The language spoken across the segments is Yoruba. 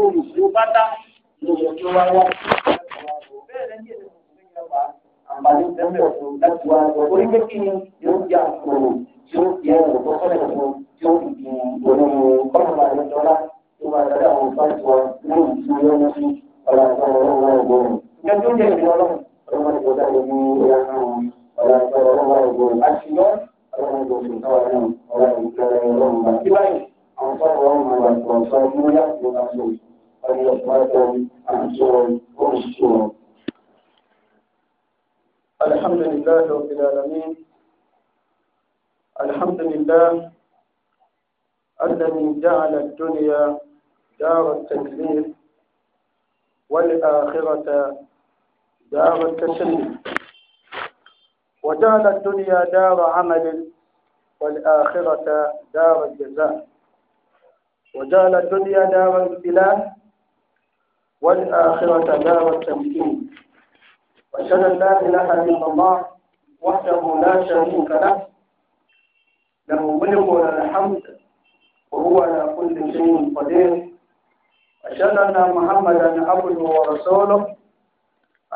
gbogbo olùkó bátá gbogbo tó wá wá. bẹ́ẹ̀ lẹ́yìn èdè mùsùlùmí yẹn wá àǹfààní tẹ́lẹ̀ ọ̀sán láti wá lọ orí pé kí ni yóò di àkòrò tí ó di ẹ̀rọ tó sọ̀rọ̀ ọ̀sán tí ó di òun kọ́nà àlejòlá tó máa dáadáa àwọn ìfàjọ ní ìlú yẹn sí ọ̀là àtàwọn ọ̀rọ̀ ọ̀gbọ̀n. ìjọba ó jẹ́ ìlú ọlọ́run ọlọ́run ìgbọ́dá ló ní ìlànà ọ̀là àtàwọn ọ̀rọ̀ ọ̀gbọ̀n àṣìyọ́ ọlọ́run ìgbọ̀dá ló ní ọ̀là àtàwọn ọ̀rọ̀ ọ̀gbọ̀n. أن يصلكم أنصرا ومشكورا الحمد لله رب العالمين الحمد لله الذي جعل الدنيا دار التكليف والآخرة دار التسليم وجعل الدنيا دار عمل والآخرة دار الجزاء وجعل الدنيا دار ابتلاء والآخرة دار التمكين وأشهد أن لا إله إلا الله وحده لا شريك له له الملك وله الحمد وهو على كل شيء قدير أشهد أن محمدا عبده ورسوله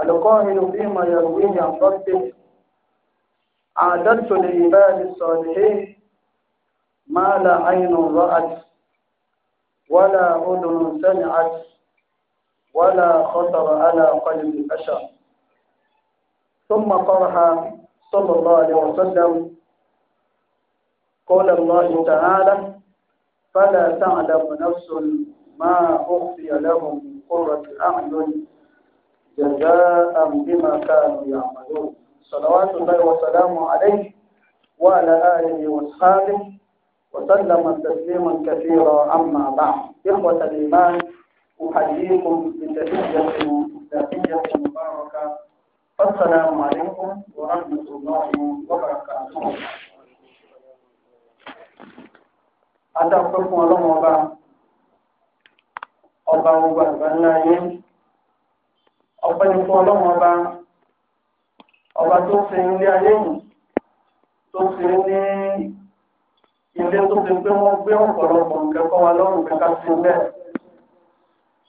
القائل فيما يرويه عن ربه أعددت لعباد الصالحين ما لا عين رأت ولا أذن سمعت ولا خطر على قلب البشر ثم طرح صلى الله عليه وسلم قول الله تعالى فلا تعلم نفس ما أخفي لهم من قرة أعين جزاء بما كانوا يعملون صلوات الله وسلامه عليه وعلى آله وأصحابه وسلم تسليما كثيرا أما بعد إخوة الإيمان أحييكم بتحية ذاتية مباركة السلام عليكم ورحمة الله وبركاته Adáwọ̀pẹ́ fún ọlọ́run ọba ọba ọgbà àgbà ńlá ayé. Ọpẹ́ ni fún ọlọ́run ọba ọba tó ṣe ilé ayé yìí tó ṣe ní ilé tó ṣe pé wọ́n gbé ọ̀pọ̀lọpọ̀ nǹkan wa lọ́rùn kẹta sí bẹ́ẹ̀.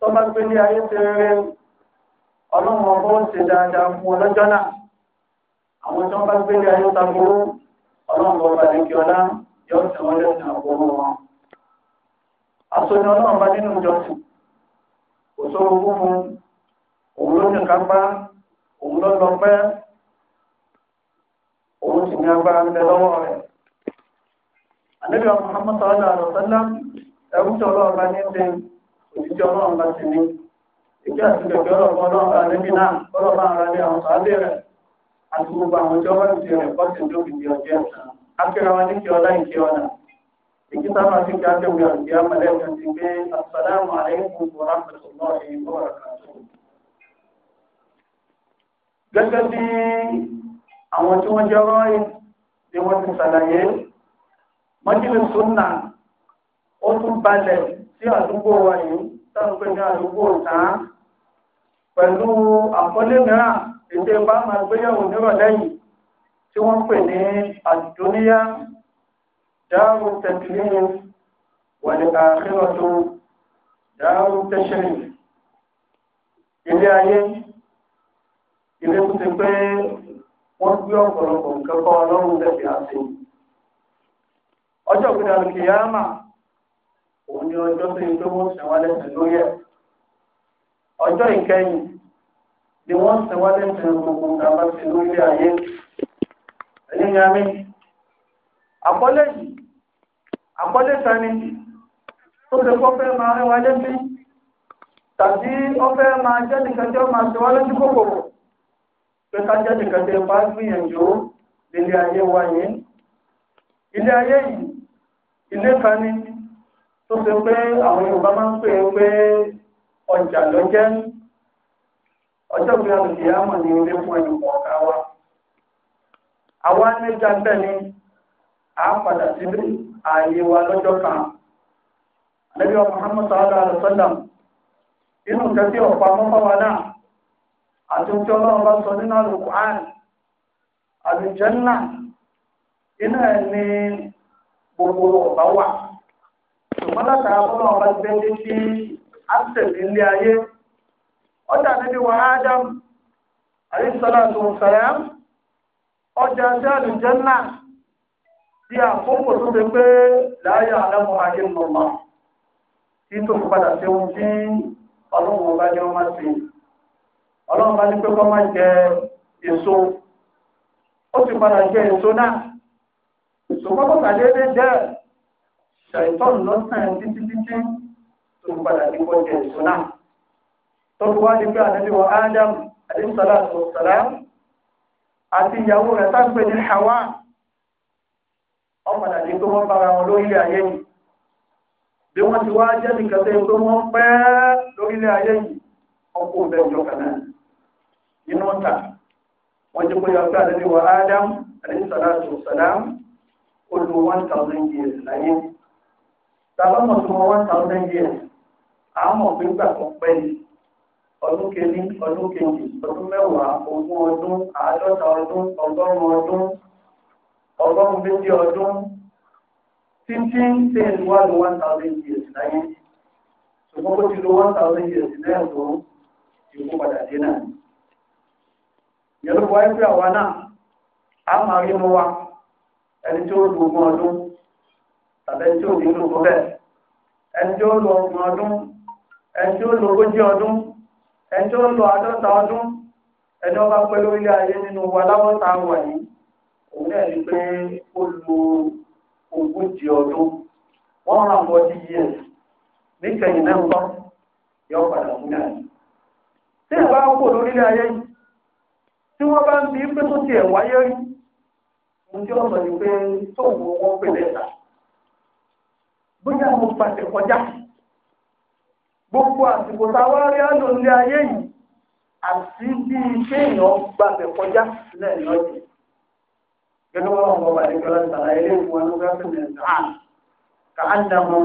tọ́ba pé ní ayé ti rere ọlọ́run ọgbọ́n ṣe dáadáa fún ọlọ́jọ́ náà àwọn tó bá gbé ní ayé ọba lẹ́kì ọlá yóò tẹ̀ wọ́n lẹ́sìn wọn. aṣojú ọlọ́run bá nínú ìjọsìn kò mu òun ló ní kápá òun ló lọ pẹ́ òun sì ní agbára ń bẹ lọ́wọ́ rẹ̀. òṣìṣẹ́ ọlọ́run láti ní ìgbé àti kẹ̀kẹ́ ọlọ́pọ̀ ọlọ́run ara níbi náà ọlọ́pàá ara lé àwọn sàádé rẹ̀ àti gbogbo àwọn ìjọ wọ́n ti rẹ̀ kọ́ sí lóbi di ọjọ́ akẹ́rọ wọn ní kí ọlá ìkí ọ̀nà ìkí sábà ti kí akẹ́wé àti amọ̀lẹ́kùn ti gbé asàlámù àlẹ́kùn kò ráfẹ̀sọ̀ náà èyí bọ́ọ̀rọ̀ kan tó. gẹ́gẹ́ bí àwọn tí wọ́n jẹ́ rọ́ọ̀yìn ni ti ṣàlàyé mọ́jìlì sunna ó tún balẹ̀ sí àdúgbò wa yìí táwọn pé ní àdúgbò ta pẹ̀lú àkọlé mìíràn ètò ìbá máa gbéyàwó nírọ̀lẹ́ yìí tí wọ́n pè ní àdúníyá dáàrú tẹ̀kìlín wà ní àkírọ̀tò dáàrú tẹ̀ṣẹ̀rì ilé ayé ilé tó ti pé wọ́n gbé ọ̀pọ̀lọpọ̀ nǹkan kọ́ ọlọ́run tẹ̀sí àti ọjọ́ ìgbìyànjú òun ni ọjọ́ tó yẹ pé wọ́n sẹ̀ wálé sẹ̀ lórí ẹ̀ ọjọ́ ìkẹyìn ni wọ́n sẹ̀ wálé sẹ̀ gbogbo gàmà sí lórí ayé ẹ̀yìn ni a mi àkọlé yìí àkọlé sani tó ṣe kọ́ fẹ́ máa rẹwà lẹ́sí tàbí ọfẹ́ máa jẹ́ nìkan tí ó máa ṣe wá lójú kòkòrò pé ká jẹ́ nìkan bá gbìyànjú nílé ayé wa ilé ayé yìí ilé kan ní tó ṣe pé àwọn Yorùbá máa ń pè é pé ọjà ló jẹ́ ọjọ́ ihe àlùkìyàmọ̀ ní ilé fún ẹnu ọkawa wa àwa ní jáde ní a síbí ààyè wa lọ́jọ́ kan lẹ́bí ọmọ Muhammad sallallahu alaihi inú nǹkan tí ọ̀pá mọ́fáwa náà àti ohun ọlọ́run bá sọ nínú al ṣùgbọ́n látara fún àwọn ọba gbé ní sí áṣẹ̀lẹ̀ ilé ayé ọjà níbi wa Adam àríṣọ́lá tó ọjà sí àlùjẹ́nà tí dị tó ṣe pé láàyè àdámọ́ ayé mọ̀mọ́ tí tó fi padà sí ohun tí ọlọ́run ọba ní ọmọ sí ọlọ́run bá ma pé kọ́ máa jẹ èso ó jẹ èso náà dé jẹ́ ṣàìtọ́n lọ́sàn títí títí tó padà ní kọjẹ̀ ìṣúná tó wá ní pé ànábì wa Adam àdínsọ́lá sọ̀sọ̀lá àti ìyàwó rẹ̀ sáàpẹ̀ ní Hawa ọmọdà ní pé wọ́n bára wọn lórílẹ̀ ayé yìí bí wọ́n ti wá jẹ́ nìkan tó pé wọ́n pẹ́ lórílẹ̀ ayé yìí ọkọ̀ bẹ̀ jọ kan náà nínú ọ̀tà wọ́n jẹ́ pé ọ̀gá ànábì Adam àdínsọ́lá ó lo one thousand years láyé yìí tàbọ́mọ̀ tó wọ́n one thousand years àwọn ọ̀gbìn gbà tó pẹ́ ni ọdún kìíní ọdún kejì ọdún mẹ́wàá ogún ọdún àádọ́ta ọdún ọgọ́rùn-ún ọdún ọgọ́rùn-ún méjì ọdún títí ṣe ń wá lọ one thousand years láyé ṣùgbọ́n ó ti lọ one thousand years náà tó ìkó padà dé náà yẹ́rù wáyé pé àwa náà a máa rí mú wa ẹni tí ó lu ogún ọdún àbẹ́ntí òní ló kọ́ bẹ́ẹ̀ ẹni tí ó lo ọgbọ̀n ọdún ẹni tí ó lo ogójì ọdún ẹni tí ó lo àádọ́ta ọdún ẹni ọba pẹ́ lórílẹ̀ ayé nínú wa láwọ́ta wà yìí òun náà ní pé ó lo ogójì ọdún wọ́n rà mọ́ ọdí yíyẹ níkẹyìn náà kọ́ yọ padà fún náà tí ẹ bá kó lórílẹ̀ ayé yìí tí wọ́n bá ń bí pé tó tiẹ̀ wáyé rí ohun tí wọ́n sọ ni pé tóun wọ́n pè lẹ́ta bóyá mo pàṣẹ kọjá gbogbo àsìkò táwa rí àlòlé ayé yìí àti bí kéèyàn gbàgbẹ kọjá lẹ́yìn lọ́jọ́ gẹ́gẹ́ bá wọn bọ̀wá ẹgbẹ́ láti tàrà ilé ìwọ̀n ló fẹ́ fún ẹ̀sán án ká á nà mọ́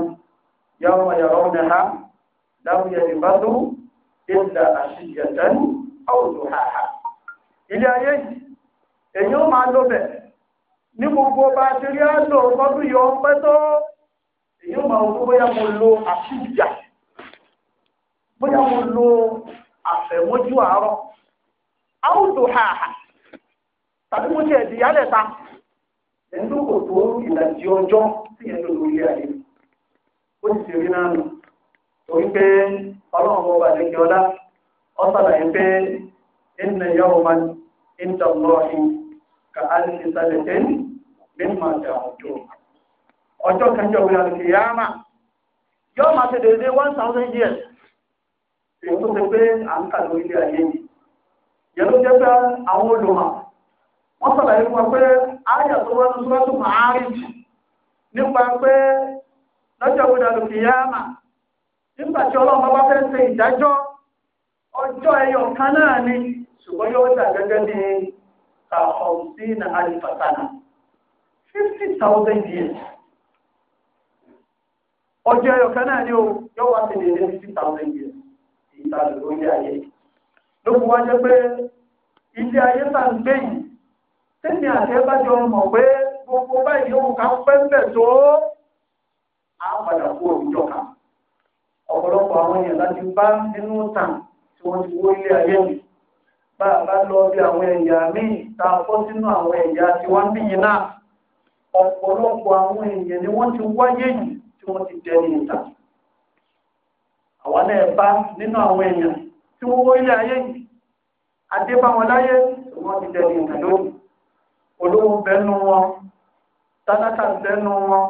yàwó yàwó ní ha láwùjẹ ìbádó ìlà àṣìyàtàn àwùjọ àhà ilé ayé yìí èyí máa lọ bẹ̀ ní gbogbo bá a ti rí àlò ọgọ́dún yọ ọpẹ́ èyí ó máa wọ bóyá mo lo àfíjà bóyá mo lo àfẹ̀mọ́jú àárọ̀ áwùjọ hàhà tàbí mo ti ẹ̀dì yálẹ̀ ta ẹ̀ńdó kò tó ìlàjì ọjọ́ tí yẹn ló lórí ayé ó sì ti rí náà nù torí pé ọlọ́run ọba lẹ́kẹ́ ọlá ọ̀sàlàyé pé ẹnìyàn yọ̀wọ̀ máa ń tàn lọ́ọ̀hìn kà á lè ṣe sálẹ̀ tẹ́ni bí màá jà ọjọ́ ọjọ́ kẹjọ ìwé àti yàmà yóò máa ṣe déédéé one thousand years èyí tó ṣe pé à ń kà lórí ilé ayé yìí yẹn ló jẹ́ pé àwọn olùmọ̀ wọ́n sọ̀rọ̀ yìí wọ́n pé ayà tó wọ́n tó wọ́n tó máa rí jù nípa pé lọ́jọ́ ìwé àti yàmà nígbà tí ọlọ́run bá fẹ́ ṣe ìdájọ́ ọjọ́ ẹyọ kan náà ni ṣùgbọ́n yóò dà gẹ́gẹ́ bí kàfọ́ọ̀sì náà alifasana fifty thousand years ọjọ́ ẹ̀yọ̀kẹ́ náà ni ó yọ wá sí ilé fifty thousand years èyí tá a lò lórí ayé ló fi wá jẹ́ pé ilé ayé tá à ń gbé yìí tẹ́mi àti ẹ bá jọ mọ̀ pé gbogbo báyìí ó ká pẹ́ńpẹ́ tó á padà kú òwújọ ká ọ̀pọ̀lọpọ̀ àwọn èèyàn láti bá nínú tàn ń bìyìn náà ọ̀pọ̀lọpọ̀ àwọn èèyàn ni wọ́n ti wáyé yìí tí wọ́n ti dẹni ìta àwọn náà bá nínú àwọn èèyàn tí wọ́n wọ́n ilé ayé yìí adé bá wọn láyé tí wọ́n ti dẹni ìta lónìí olówó bẹnu wọn tálákà bẹnu wọn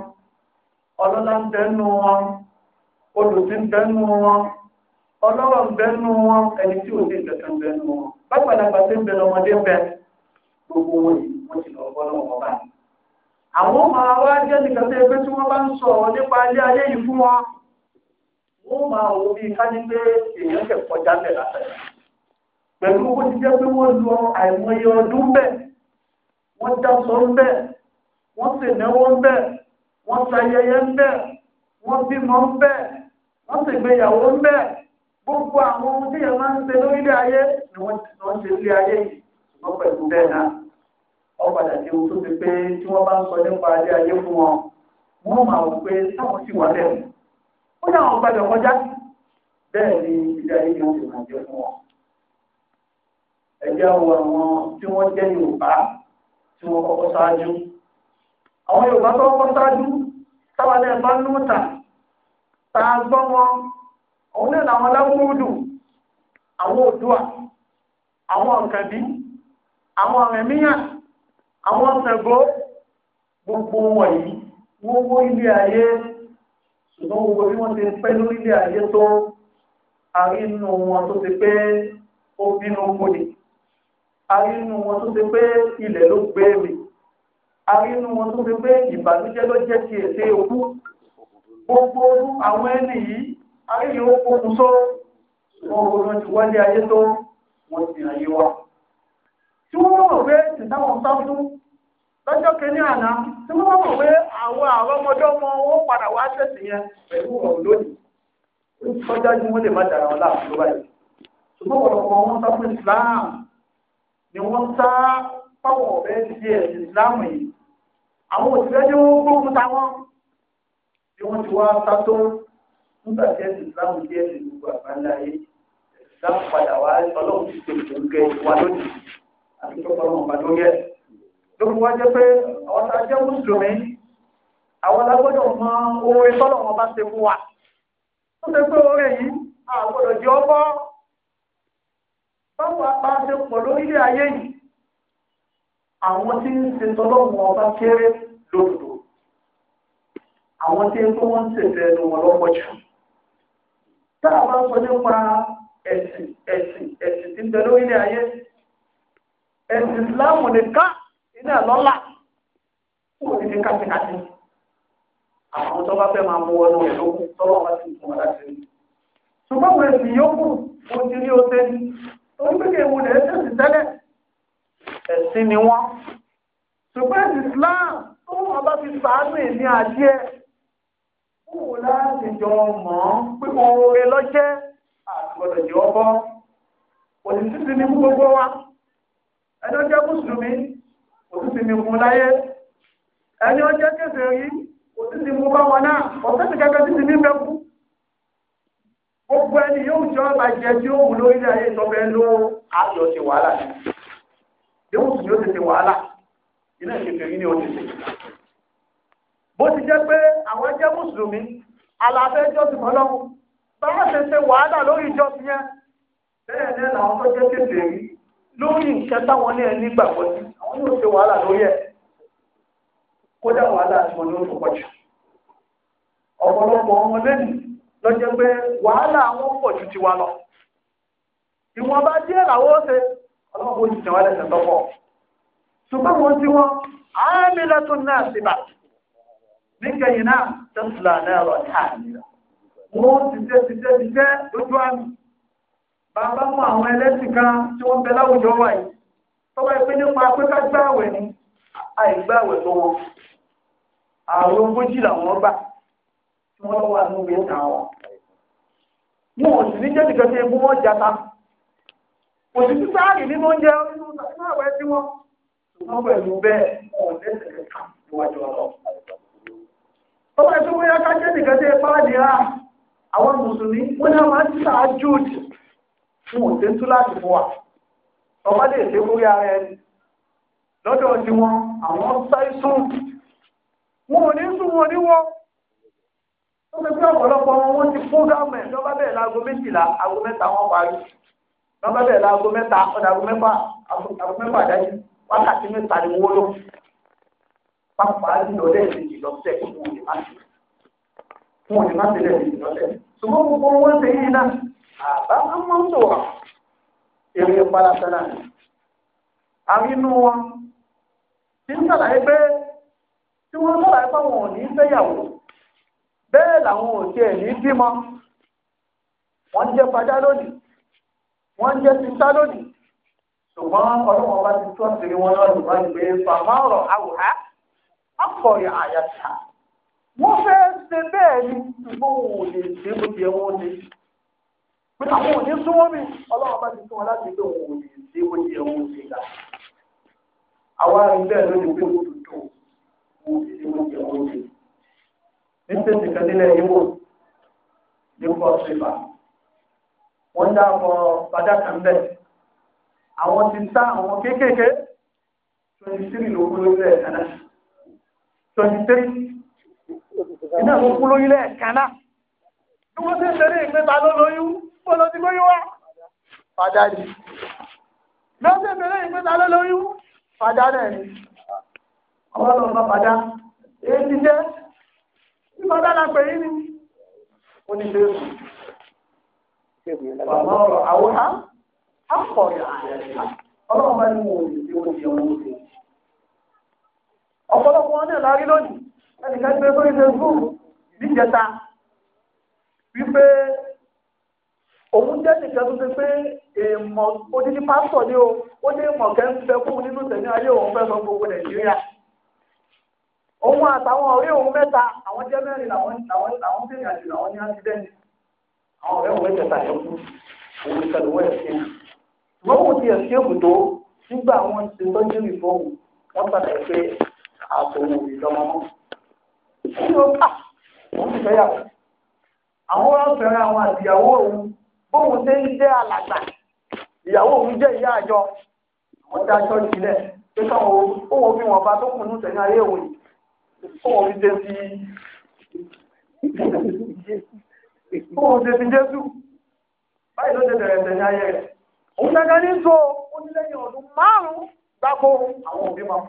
ọlọ́lá bẹnu wọn olùsí bẹnu wọn ọlọ́rọ̀ bẹnu wọn ẹni tí ò sí ìtẹ̀tẹ̀ bẹnu wọn bá pàdàpàdé bẹnu ọmọdé bẹ gbogbo wọn yìí wọ́n ti lọ bọ́ lọ́wọ́ báyìí àwọn máa wá jẹ́ nìkan tó ẹgbẹ́ tí wọ́n bá ń sọ̀rọ̀ nípa ilé ayé yìí fún wọn wọ́n máa wò bí ká pé èèyàn kẹ̀ kọjá bẹ̀ látàrí pẹ̀lú ó ti jẹ́ pé wọ́n lọ àìmọye ọdún bẹ́ẹ̀ wọ́n dáṣọ ń bẹ́ẹ̀ wọ́n sì náwó ń bẹ́ẹ̀ gbogbo àwọn ohun tí máa ń lórílẹ̀ ayé ni ọ̀padà di ohun tó fi pé tí wọ́n bá ń sọ nípa adé ayé fún wọn wọ́n máa wò pé táwọn sì wà lẹ́nu ó ní àwọn gbàgbọ́ kọjá bẹ́ẹ̀ ni ìdá ayé yóò fi máa jẹ fún wọn. ẹ̀jẹ̀ wo àwọn tí wọ́n jẹ́ Yorùbá tí wọ́n kọ́kọ́ ṣáájú àwọn Yorùbá tó kọ́kọ́ ṣáájú táwa náà bá ń lóta tá a gbọ́ wọn òun náà làwọn láwùrúdù àwọn Oòduà àwọn ọ̀kàndí àwọn ọ̀rẹ̀míyàn àwọn ṣẹ̀gbọ́ gbogbo wọ̀nyí wọ́n wó ilé ayé ṣùgbọ́n gbogbo bí wọ́n ti pẹ́ lórí ilé ayé tó àrínú wọn tó ti pé ó bínú kúni àrínú wọn tó ti pé ilẹ̀ ló gbé mi àrínú wọn tó ti pé ìbànújẹ́ ló jẹ́ ti ètè òkú gbogbo àwọn ẹni yìí àríyìn ó kókun só wọn ò rántí wálé ayé tó wọ́n ti ayé wa tí wọ́n mọ̀ pé ìtàwọn sá fún lọ́jọ́ kìíní àná tí wọ́n mọ̀ pé àwọn àwọn ọmọdé ọmọ wọn padà wá ṣẹ̀sì yẹn pẹ̀lú ọ̀rọ̀ lónìí kọjá ni wọ́n lè má dara wọn láàbù ló báyìí ṣùgbọ́n ọ̀pọ̀lọpọ̀ wọn sá fún Islam ni wọ́n sá fáwọn ọ̀rẹ́ ti ẹ̀sìn Islam yìí àwọn òṣìṣẹ́ ni wọ́n gbógun táwọn bí wọ́n ti wá sá tó nígbà tí ẹ̀sìn Islam jẹ́ ẹ̀sìn gbogbo àgbáńlá yìí Islam padà wá ọlọ́run ti ṣe ìgbòǹkẹ́ wa lónìí àti tó bá wọn pàdé yẹ. lókun wá jẹ́ pé àwọn tá a jẹ́ mùsùlùmí àwọn lágbọ́dọ̀ mọ oore tọ́lọ̀ wọn bá ṣe fún wa. ó ṣe pé oore yìí àgbọ̀dọ̀ jẹ́ ọkọ́ báwo apá ṣe pọ̀ lórílẹ̀ ayé yìí àwọn tí ń ṣe tọ́lọ́mù ọba kéré lódodo àwọn tí ń tó wọ́n ń ṣèṣẹ́ ẹnu wọn lọ́pọ̀ jù tá a bá sọ nípa ẹ̀sìn ẹ̀sìn ẹ̀sìn tí ń bẹ lórílẹ̀ ayé ẹ̀sìn ìsìláàmù nìkan iná lọ́la kò ní ní kàtìkàtì àwọn tó bá fẹ́ máa mú ọ lórí lókun tọ́lọ́ wá sí ìtumọ̀ láti rí ṣùgbọ́n mo èsì yókù mo ti rí ose ní torí pé kéwòn lè ṣe sí tẹ́lẹ̀ ẹ̀sìn ni wọ́n ṣùgbọ́n ẹ̀sìn islam tó wọn bá fi sàánù ní adé ẹ̀ kúrò láti jọ mọ̀ ọ́n pé oore lọ́jẹ́ àgbọ̀dọ̀ jẹ́ ọkọ́ ẹni ó jẹ́ mùsùlùmí kò tún ti mi mú láyé ẹni ó jẹ́ kèfèrí kò tún ti mú bá wọn náà ọ̀fẹ́ ti kẹ́kẹ́ títí ní mẹ́kú gbogbo ẹni yóò jọ bàjẹ́ tí ó wù lórí ayé ìtọ́fẹ́ ló àjọ ti wàhálà ní mùsùlùmí ó ti ti wàhálà ilé kèfèrí ni ó ti ti bó ti jẹ́ pé àwọn jẹ́ mùsùlùmí aláfẹ́ jọ́sìn fọlọ́run bá wọ́n ṣe ṣe wàhálà lórí ìjọsìn yẹn bẹ́ẹ̀ ni lórí nǹkan táwọn ní ẹni gbàgbọ́ sí àwọn yóò ṣe wàhálà lórí ẹ̀ wàhálà wọn ní oṣù pọ̀jù ọ̀pọ̀lọpọ̀ wọn lẹ́nu lọ́jọ́ pé wàhálà pọ̀ ju lọ ìwọ̀n bá díẹ̀ làwọn ṣe ọlọ́pàá oṣù tẹ̀wá lẹ́sẹ̀ lọ́pọ̀ ṣùgbọ́n wọn tí wọn lẹ́tún náà bà nígbẹ̀yìn náà tẹ́sílà náà táà wọn ti ti ti bàbá mọ àwọn ẹlẹ́sìn kan tí wọ́n bẹ láwùjọ wà yìí tọ́wọ́ ẹgbẹ́ nípa pé ká gbá àwẹ̀ a wọn àwọn ogójì làwọn gbà tí wọ́n lọ́wọ́ wọn. mo ò ní jẹ́ nìkan tí wọn jata kò sí sáàrì nínú oúnjẹ nínú tí wọ́n ṣùgbọ́n pẹ̀lú bẹ́ẹ̀ lẹ́sẹ̀ níwájú tí wọ́n ṣe ń tú láti fún wa ọba lè ṣe múrí ara ẹni lọ́dọ̀ tí wọ́n àwọn sáìsùn wọn ò ní sùn wọn níwọ́ ó fi pé ọ̀pọ̀lọpọ̀ wọn wọ́n ti fúgámù ẹ̀ lọ́ba bẹ̀rẹ̀ láago méjìlá aago mẹ́ta wọn parí lọ́ba bẹ̀rẹ̀ láago mẹ́ta ọ̀dà aago mẹ́fà aago mẹ́fà dájú wákàtí mẹ́ta ni wọ́n lò pápá jùlọ lẹ́ẹ̀mejì lọ́sẹ̀ fún òní má ṣe fún òní má ṣe lẹ́ẹ̀mejì lọ́sẹ̀ ṣùgbọ́n gbogbo wọn ṣe yí náà àbá wọn mọ ń sọ̀rọ̀ èrè parasẹ́lá ni àrínú wọn ti ń sàlàyé pé tí wọ́n sàlàyé fáwọn ò ní fẹ́yàwó bẹ́ẹ̀ làwọn ò tiẹ̀ ní bímọ wọ́n jẹ́ padà lónìí wọ́n jẹ́ títà lónìí ṣùgbọ́n ọlọ́wọ́n bá ti tọ́ sí wọn lọ́dún bá ti gbé fàmà ọ̀rọ̀ àwòrán akọ̀rẹ̀ àyàtà wọ́n fẹ́ ṣe bẹ́ẹ̀ ni ṣùgbọ́n òun ò lè ṣe pé àwọn òní súnmọ́ mi ọlọ́run bá ti fún wọn láti lé òun òní sí oúnjẹ òun sí ga àwa ilé ẹ̀ lónìí pé òun tó òun sí oúnjẹ òun sí ní sèǹtì kẹsílẹ̀ ìwò ní port river wọ́n dá àwọn padà kan bẹ́ẹ̀ àwọn ti ta àwọn kéékèèké twenty three ló kú lórí ẹ̀ twenty three iná ló kú lórí ẹ̀ wọ́n ti ń tẹ̀lé ìpínta ló lóyún. bọ́lá ti lóyún wá fàdá ni lọ́sẹ̀ mẹ́lẹ́ ìpínta ló lóyún fàdá náà ni ọlọ́run fàdá èyí ti jẹ́ ìfọdá na pè yín ni ó ní lérò ọ̀pọ̀lọpọ̀ wọn náà lárí lónìí sórí Facebook wípé òun jẹ́ nìkan tó ti pé èèmọ̀ odidi pásítọ̀ ni o ó ní mọ̀kẹ́ ń fẹ́ kú nínú tẹ̀lé ayé òun fẹ́ sọ gbogbo nàìjíríà òun àtàwọn ọ̀rẹ́ òun mẹ́ta àwọn jẹ́ mẹ́rin làwọn làwọn bẹ̀rẹ̀ àti làwọn ní ásídẹ́ǹtì àwọn ọ̀rẹ́ òun ẹ̀jẹ̀ tàyẹ̀ kú òun ìkàlù wẹ̀ ṣe ṣùgbọ́n òun ti ẹ̀sìn òbùdó nígbà wọn ti tọ́jú ìfọ̀hùn wọ́n sàlẹ̀ pé àwọn ọ̀rẹ́ àwọn àtìyàwó òun bóun ṣe ń jẹ́ alàgbà ìyàwó òun jẹ́ ìyá àjọ wọ́n dá aṣọ ìbílẹ̀ pé káwọn òun fi wọn bá tó kùn ní sẹ́yìn ayé òun òun fi ṣe fi òun ṣe fi Jésù báyìí ló ṣe bẹ̀rẹ̀ sẹ́yìn ayé rẹ̀ òun gẹ́gẹ́ ní so ó ọdún márùn-ún gbáko àwọn òbí máa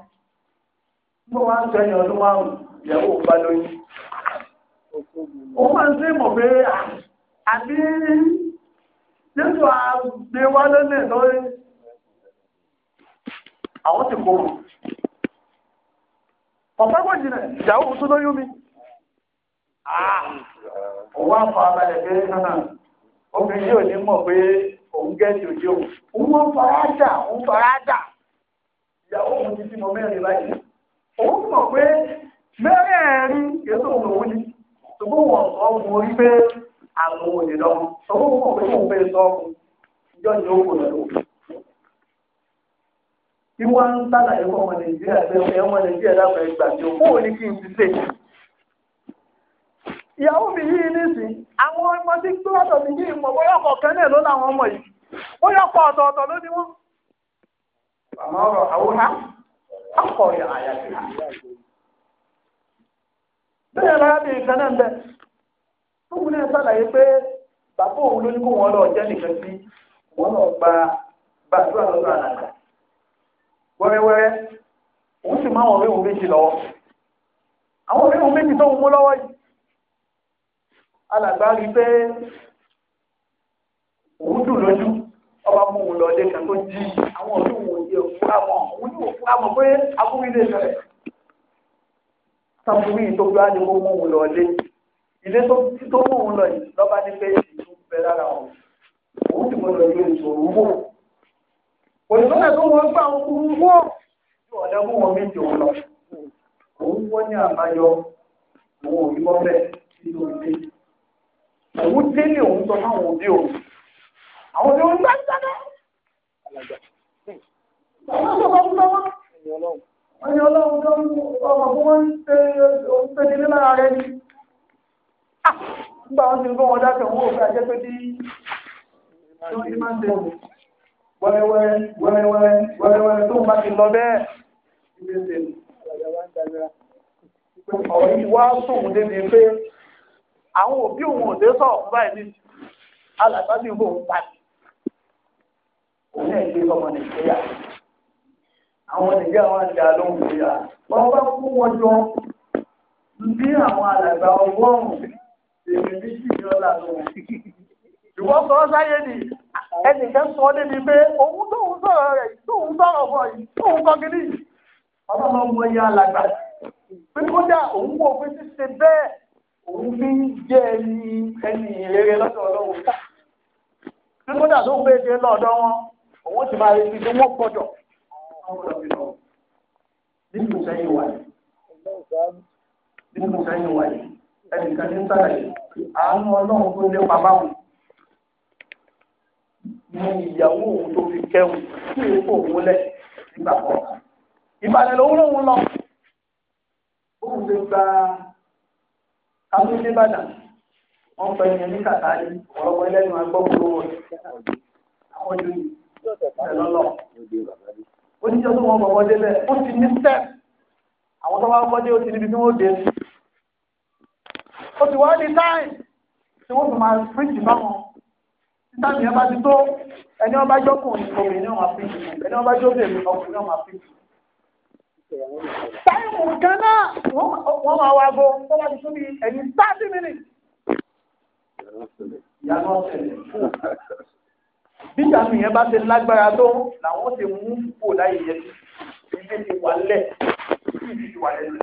mo máa ń sẹ́yìn ọdún márùn-ún ìyàwó òun bá lóyún òun máa ń sẹ́yìn mọ̀ pé àbí Jésù àgbé wá lọ́nà lọ́rí. Àwọn ti kòrò. Ọ̀pẹ́ kò jìnà, ìyàwó tó lóyún mi. Ah! Òwá fọ abalẹ̀ pé náà, obìnrin yóò ní mọ̀ pé òun gẹ́ẹ̀tì òjò. Òun mọ́ farádà, òun farádà. Ìyàwó òun ti bímọ mẹ́rin báyìí. Òun mọ̀ pé àwọn olè lọ́wọ́ ọwọ́ kò pé kò fẹ́ sọ ọkùn ìjọ ni ó kò lọ́wọ́. bí wọ́n ń tànà ẹ̀kọ́ ọmọ nàìjíríà ẹ̀kọ́ ọmọ nàìjíríà dábàá ẹgbà tí ó ní kí n ti ṣe. ìyàwó mi yìí àwọn ọmọ tí mi yìí mọ̀ bóyá ọkọ̀ kan náà ló láwọn ọmọ yìí bóyá ọkọ̀ ọ̀tọ̀ọ̀tọ̀ ló ní wọ́n. àmọ́ ọ̀rọ̀ tóun náà sàlàyé pé bàbá òun ló ní kó wọn lọ jẹ́ nìkan sí wọn náà gba gbàdúrà lọ́dọ̀ àlàkà wẹ́rẹ́wẹ́rẹ́ òun sì máa wọn rí òun méjì lọ́wọ́ àwọn rí òun méjì tó ń mú lọ́wọ́ yìí alàgbà rí pé òun dùn lójú ọba mú òun lọ lẹ́ka tó jí àwọn òun òun yẹ òfúra mọ́ òun yóò fúra mọ́ pé abúlé lè fẹ́ sàmúrí tó gbá ni mo mú òun lọ lẹ́ka ilé tó mú òun lọ yìí lọ́ba ní pé ìlú bẹ lára òun òun ti gbọdọ̀ yọ ètò òun wò kò ní sọ́nà tó wọ́n gbà òun kúrú wò yóò ọ̀dà mú wọn méjì òun lọ òun wọ́n ní àbáyọ òun ò rí wọ́n bẹ́ẹ̀ nínú ilé òun délé òun sọ fáwọn òbí òun àwọn òbí òun gbà ń sáná. Àwọn ọ̀dọ́ ń bá wọn. Ẹni ọlọ́run tó ń ọmọ fún ń tẹ́ ní lára rẹ̀ ni nígbà wọn ti ń bọ́ wọn dákẹ́ wọn ò fẹ́ ajẹ́ pé tí wọ́n ti máa ń tẹ̀lé wẹ́rẹ́wẹ́ wẹ́rẹ́wẹ́ wẹ́rẹ́wẹ́ tó ń bá ti lọ bẹ́ẹ̀ ọ̀rọ̀ yìí wá sóhun débi pé àwọn òbí òun ò dé sọ̀rọ̀ fún báyìí ní alàgbàbí ìbò ń pa ní. òun náà gbé ọmọ nàìjíríà àwọn nàìjíríà wọn dá lóhùn ìgbéyà wọn bá kó wọn jọ bí àwọn alàgbà ọgọ́rùn-ún èmi méjì ní ọ̀la lọ. ìwọ sọ ọ sáyé ni ẹnì kan sọ débi pé òun tóun sọ̀rọ̀ rẹ̀ tóun sọ̀rọ̀ bọ̀ yìí tóun kọ́ kiri yìí. ọba máa ń mọ iye alàgbà pé kódà òun wò pé ṣíṣe bẹ́ẹ̀ òun fi ń jẹ́ ẹni ẹni ìrere lọ́dọ̀ ọlọ́run. pé kódà tó ń gbé ṣe lọ́dọ̀ wọn òun ti máa retí pé wọ́n gbọ́dọ̀ nínú sẹ́yìn wáyé nínú sẹ́yìn wáyé ẹnìkan ní sàlàyé àánú ọlọ́run tó lépa báwọn ní ìyàwó òun tó fi kẹ́hùn tí èkó òun lẹ̀ nígbà kan ìbàdàn lòun lòun lọ òun ti gba kábíyèsí ìbàdàn wọn fẹ́ yẹn ní kàtàlí ọ̀rọ̀ ẹlẹ́nu agbọ́gbọ́ àwọn ọdún ẹlọ́lọ́ oníjọ́ tó wọn bọ̀ wọ́n débẹ̀ ó ti ní sẹ́ẹ̀ àwọn tó wọn bọ́ dé ó ti níbi tí wọ́n dé sí ó ti wọ́n ní táì tí wọ́n fi máa fíríjì báwọn títàbí ẹ bá ti tó ẹni ọba jọkùnrin obìnrin náà máa fíríjì ẹni ọba jọbìnrin ọkùnrin náà máa fíríjì. táìmù kan náà wọ́n máa wá go tó bá ti tó bí ẹ̀yìn thirty minutes. ìyànà ọ̀sẹ̀ bíjà mi yẹn bá ti lágbára tó làwọn ti mú kó láyé yẹn ilé ti wà lẹ̀ ilé ti wà lẹ́nu.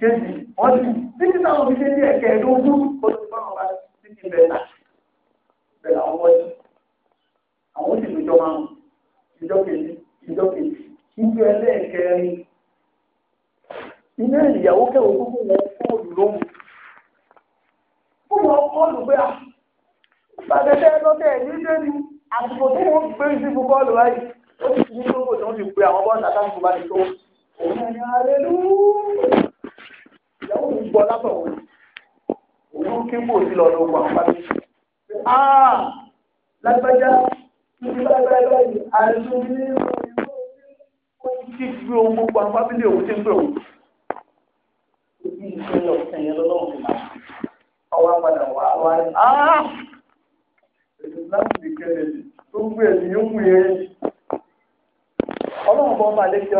kejì wọ́n ti títí táwọn fi ṣe ní ẹ̀kẹ́ ẹ̀dógún ó ti bá wọn títí bẹ̀rẹ̀ bẹ̀rẹ̀ àwọn wọ́n ti àwọn ó sì lójọ márùn ìjọ kejì ìjọ kejì ìjọ ẹlẹ́ẹ̀kẹrin iná ìyàwó kẹwò gbogbo wọn fóònù lóhùn fún wọn kọ́ọ̀lù pé à bàtẹ́tẹ́ lọ́tẹ̀ ní dẹ́nu àsìkò tí wọ́n gbé ìsìnkú kọ́ọ̀lù láyé ó sì ti ní gbogbo tí wọ́n ti pe àwọn bọ́ọ̀lù àtàkùn bá ti tó òun ẹni alẹ́lúwò gbọ́ látọ̀wọ́ òun kí wò sí lọ́dọ̀ ogun àwọn pàdé. Ah, lágbájá níbi lágbájá yìí àìsàn ní kí gbé ohun gbogbo àwọn fábílì òun ti ń pè òun. ibi ìṣẹ̀lẹ̀ ọ̀sẹ̀ yẹn lọ́lọ́run fi máa ọwọ́ padà wá wá ní. Ah, èdè láti lè kẹ́lẹ̀ tó ń gbé ẹ̀sìn yóò mú yẹn. ọlọ́run bọ́ ọmọ àlejò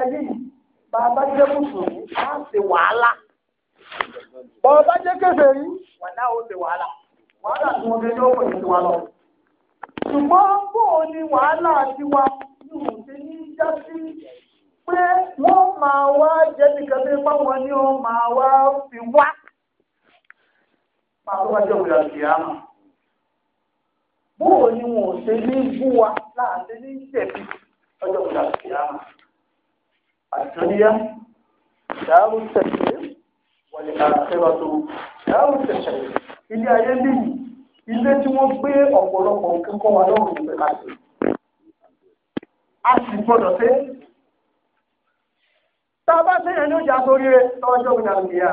ayé yìí bàbá jẹ́ mùsùlùmí á ṣe wàhálà bàbá jẹ́ kéfèé rí wàhálà ó ṣe wàhálà wàhálà tí wọ́n fi ní òkè ti wa lọ. ṣùgbọ́n bó o ní wàhálà tiwa ni mo ti ní já sí pé wọ́n máa wá jẹ́ nìkan bí báwọn ni wọ́n máa wá fi wá. máa wá jẹ́ òyà sí àmà. bó o ní wọn ò ṣe ní bú wa láàṣẹ ní ìṣẹ̀bí ọjọ́ òyà sí àmà. الدنيا دار التشريف والآخرة دار التشريف ilé ayé léyìí ilé tí wọ́n gbé ọ̀pọ̀lọpọ̀ nǹkan kọ́ wa lọ́rùn ìgbẹ́ ká sí a sì gbọ́dọ̀ sí tá a bá sẹ́yìn ní ọjà sórí rẹ lọ́jọ́ ìrìn àmìyà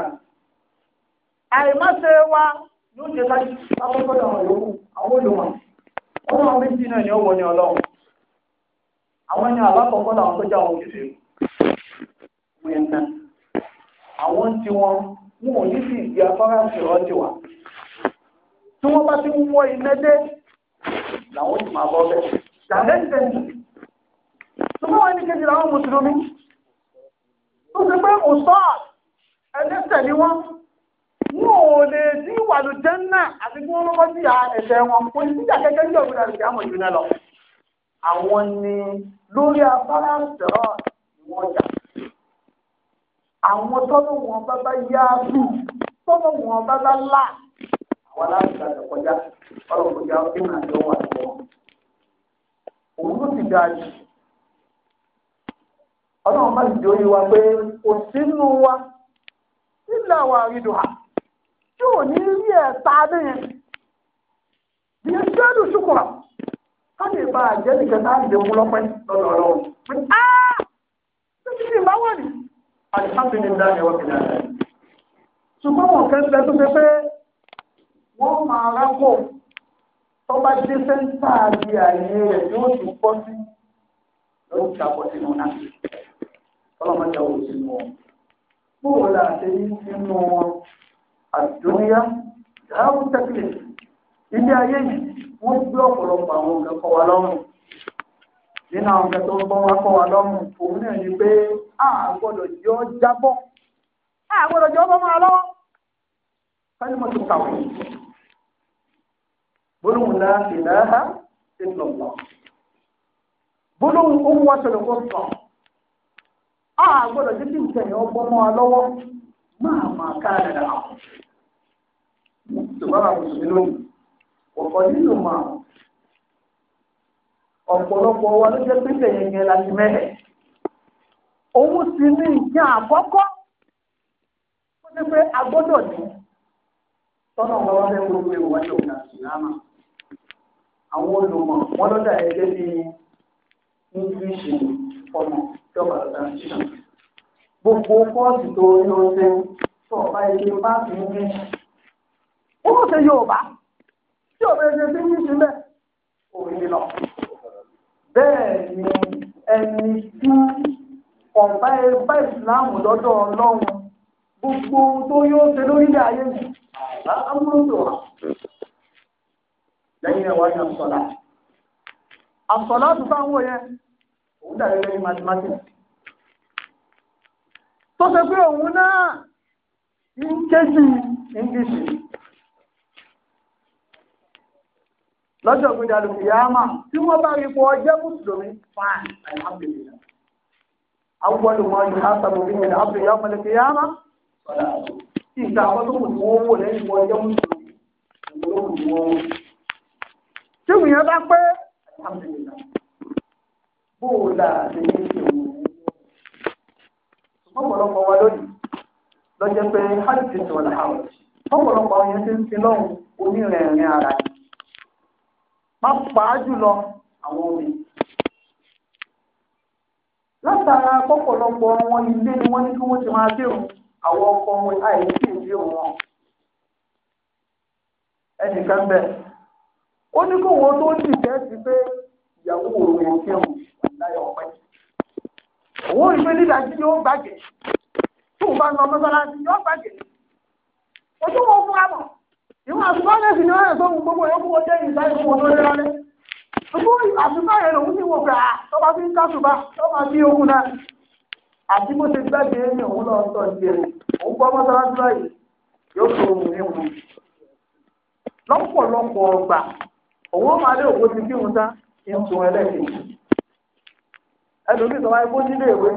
àìmáṣe wa ló jẹ ká lákòókò àwọn yòókù àwọn olùmọ̀ ọlọ́run méjì náà ni ó wọ ní ọlọ́run àwọn ẹni àbákọ̀ọ́kọ́ làwọn tó já wọn kìfèrè wíńdà àwọn tí wọn wọn ò ní sí ìdí afárá ìṣòro ti wà tí wọn bá ti ń wọ iná dé làwọn ti máa bọ bẹ́ẹ̀ dàgẹ́dẹ́gbẹ́ tó bá wà ní kejì làwọn mùsùlùmí tó ti pé mùsọ́ọ̀t ẹlẹ́sẹ̀ ni wọ́n wọn ò lè sí ìwàlú jẹ́nà àti kí wọ́n lọ́kọ́ sí ẹ̀ṣẹ̀ wọn kò ní síjà kẹ́kẹ́ ní ọ̀gbìn àti ìdáhùn ìlú lọ àwọn ni lórí afárá ìṣòro ni wọ́n jà àwọn tọ́lọ́ wọn bá bá yá bù tọ́lọ́ wọn bá bá là àwọn aláǹtà lè kọjá ọlọ́run kọjá ó dínà ló wà lọ́wọ́ òun ló ti dáa jù ọlọ́run bá ti di orí wa pé kò sínú wa nílẹ̀ àwọn àrídùn à tí ò ní rí ẹ̀ ta nìyẹn bí ẹ ṣe é lù ṣùkùrà ká lè bá àjẹ́ nìkan náà lè mú lọ́pẹ́ lọ́dọ̀ ọlọ́run pé á ṣé kí ni ìbáwọ̀ ni alihamdulilayi wa bi náà ṣùgbọ́n wọn kẹ́ bẹ tó ṣe pé wọ́n máa rákò tó bá dé sẹ́ńtà àti àyè rẹ̀ yóò tún pọ́ sí lọ́wọ́ tí a pọ̀ sínú náà ọlọ́mọdé àwọn òṣèlú wọn bóòwò la ṣe ní nínú wọn àdúnyá dáhùn tẹ́kìlì àgbọ̀dọ̀ jọ jábọ́ àgbọ̀dọ̀ jọ bọ́ máa lọ́wọ́ káyọ̀ tó kàwé gbólóhùn náà sì náà ṣe ń lọ lọ gbólóhùn ohun ṣẹlẹ̀ kó sọ àgbọ̀dọ̀ nǹkan bọ́ máa lọ́wọ́ máa máa ká ṣùgbọ́n àwọn ọ̀pọ̀ nínú máa ọ̀pọ̀lọpọ̀ wa ló òun sì ní nǹkan àkọ́kọ́ ó ti pé a gbọ́dọ̀ ní tọ́nà ọ̀rọ̀ rẹ̀ yóò àwọn olùmọ̀ ẹgbẹ́ ní gbogbo kọ́ọ̀sì tó ọba ẹgbẹ́ ń gbé ó mọ̀ Yorùbá tí ọba ẹgbẹ́ lọ bẹ́ẹ̀ ni ọ̀bá ẹgbẹ́ ìsìláàmù lọ́dọ̀ ọlọ́run gbogbo tó yóò ṣe lórílẹ̀ ayé yìí amúlòdò wa lẹ́yìn ẹ̀wá ní àṣọlá àṣọlá tó táwọn yẹn òun dàrí lẹ́yìn mathematics tó ṣe pé òun náà ń kéjì English lọ́jọ́ gbẹdàlùfìyàmà tí wọ́n bá rí pọ̀ ọjọ́ mùsùlùmí fine alhamdulillah awwal ma yuhasabu bihi al-'abdu yawm al-qiyamah ìgbà àwọn tó kù tí wọ́n wò lẹ́yìn wọn jẹ́ mùsùlùmí wọn. tí ìyẹn bá pé bó o là lẹ́yìn tí o wò ọ̀pọ̀lọpọ̀ wa lónìí lọ́jọ́ pé hajj sọ̀rọ̀ àwọn yẹn ti ń fi lọ́hùn onírìnrìn ara má pàá jùlọ àwọn obìnrin látara pọ̀pọ̀lọpọ̀ wọn ilé ni wọ́n ní kí wọ́n ti máa dérò àwọn ọkọ wọn àìsí ìdí wọn. ẹnìkan bẹ ó ní kó wọn tó dì jẹ́ sí pé ìyàwó òun kí òun láyọ̀ ọ̀pẹ́. owó ìwé nídàájí ni ó gbàgẹ̀ tó bá ń lọ mọ́sálásí ni ó gbàgẹ̀. ojú wọn fún amọ̀ ìwọ̀n àtúbọ̀lẹ́sì ni wọ́n rẹ̀ tó ń gbogbo ẹ̀kú wọn jẹ́ ìsáyẹ̀ fún wọn lórí lálẹ́. ṣùgbọ́n àṣùbá ní wòkà ah, tó bá fi ń káṣùbá bí náà àti gbẹ́gbẹ́ òun lọ sọ ìdí òun gbọ́ mọ́sálásí báyìí yóò tó ohun ní wọn. lọ́pọ̀lọpọ̀ ọgbà òun máa lé òkú ti kí wọn ń sun nílé ìwé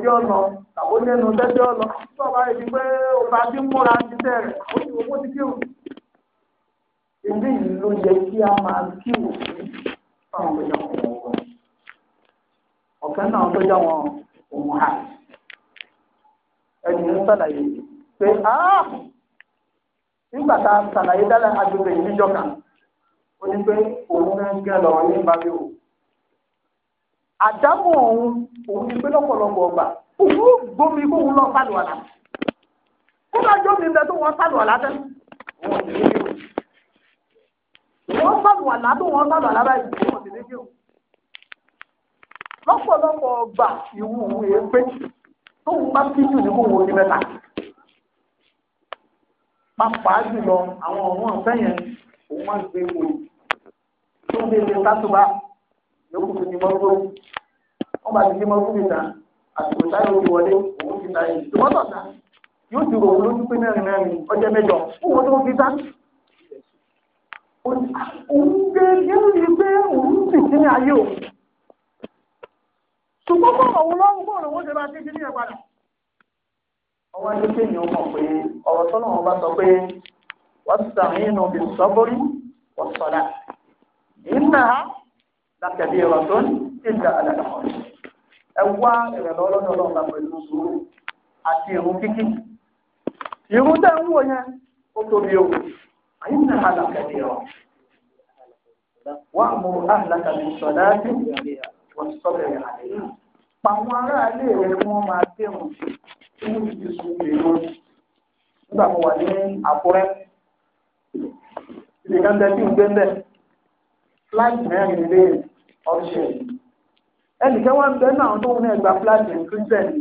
tí ó lọ ó lọ pé ti múra ti a máa kí wọn fáwọn tó jẹ́ wọn ọkọ ọ̀kan náà tó jẹ́ wọn òun hà ẹni ń sàlàyé pé ah! nígbà tá a sàlàyé dálẹ̀ agbègbè yìí níjọba ó ní pé òun ń gẹ́ lọ ní ìbáwí o àdámọ̀ òun òun ní pé lọ́pọ̀lọpọ̀ ọgbà òun ó gbomi kó òun lọ sálùwà lá kó bá jó mi bẹ tó wọn sálùwà lá tẹ wọn sálùwà lá tó wọn sálùwà lá báyìí méjì o lọ́pọ̀lọpọ̀ ọgbà ìwú èépé tóun bá kíjù ní kóun orí mẹ́ta pàápàá jùlọ àwọn ọ̀wọ́n sẹ́yìn òun máa ń gbé wòye tó ń gbé sátúbà yòókù tó ti mọ́tò wọ́n bá ti di mọ́tò nìta àsìkò táyà orí wọlé òun ti ta yìí tòmọ́tò ta yóò ti rò wọ́n lójú pé mẹ́rin mẹ́rin ọjọ́ mẹ́jọ òun tó ń fi sá òun gbé yẹ́rù yìí pé òun sì sí ní ayé òun ṣùgbọ́n kọ́ òun lọ́wọ́ kọ́ òun ṣe bá dé sí ní ẹ̀ padà. ọwọ́ ní kí èèyàn mọ̀ pé ọ̀rọ̀ tọ́lọ̀ wọn bá sọ pé wọ́n ti sàmì inú bí sọ́bọ́rí wọ́n sọ̀dá ìnà lákàbí ọ̀rọ̀ tó ń ìjà àdàkà ẹ wá ìrẹ̀lẹ̀ ọlọ́dọ̀ ọlọ́ọ̀ta pẹ̀lú sùúrù àti ìrun kíkì ìrun tẹ́ ń wò yẹn ó tóbi o فإن هذا كثيرا وأمر أهلك بالصلاة والصبر عليها Àwọn aráalé rẹ̀ ni wọ́n máa dẹ̀rùn tí wọ́n ti sùn lè lórí. Nígbà mo wà ní Àkúrẹ́, ìdè kan tẹ́ tí ń gbé bẹ́ẹ̀. Fúláìtì mẹ́rin lé ọ̀ṣẹ̀. Ẹnìkan wá ń bẹ náà tó ń gba fúláìtì Kírísítẹ̀nì.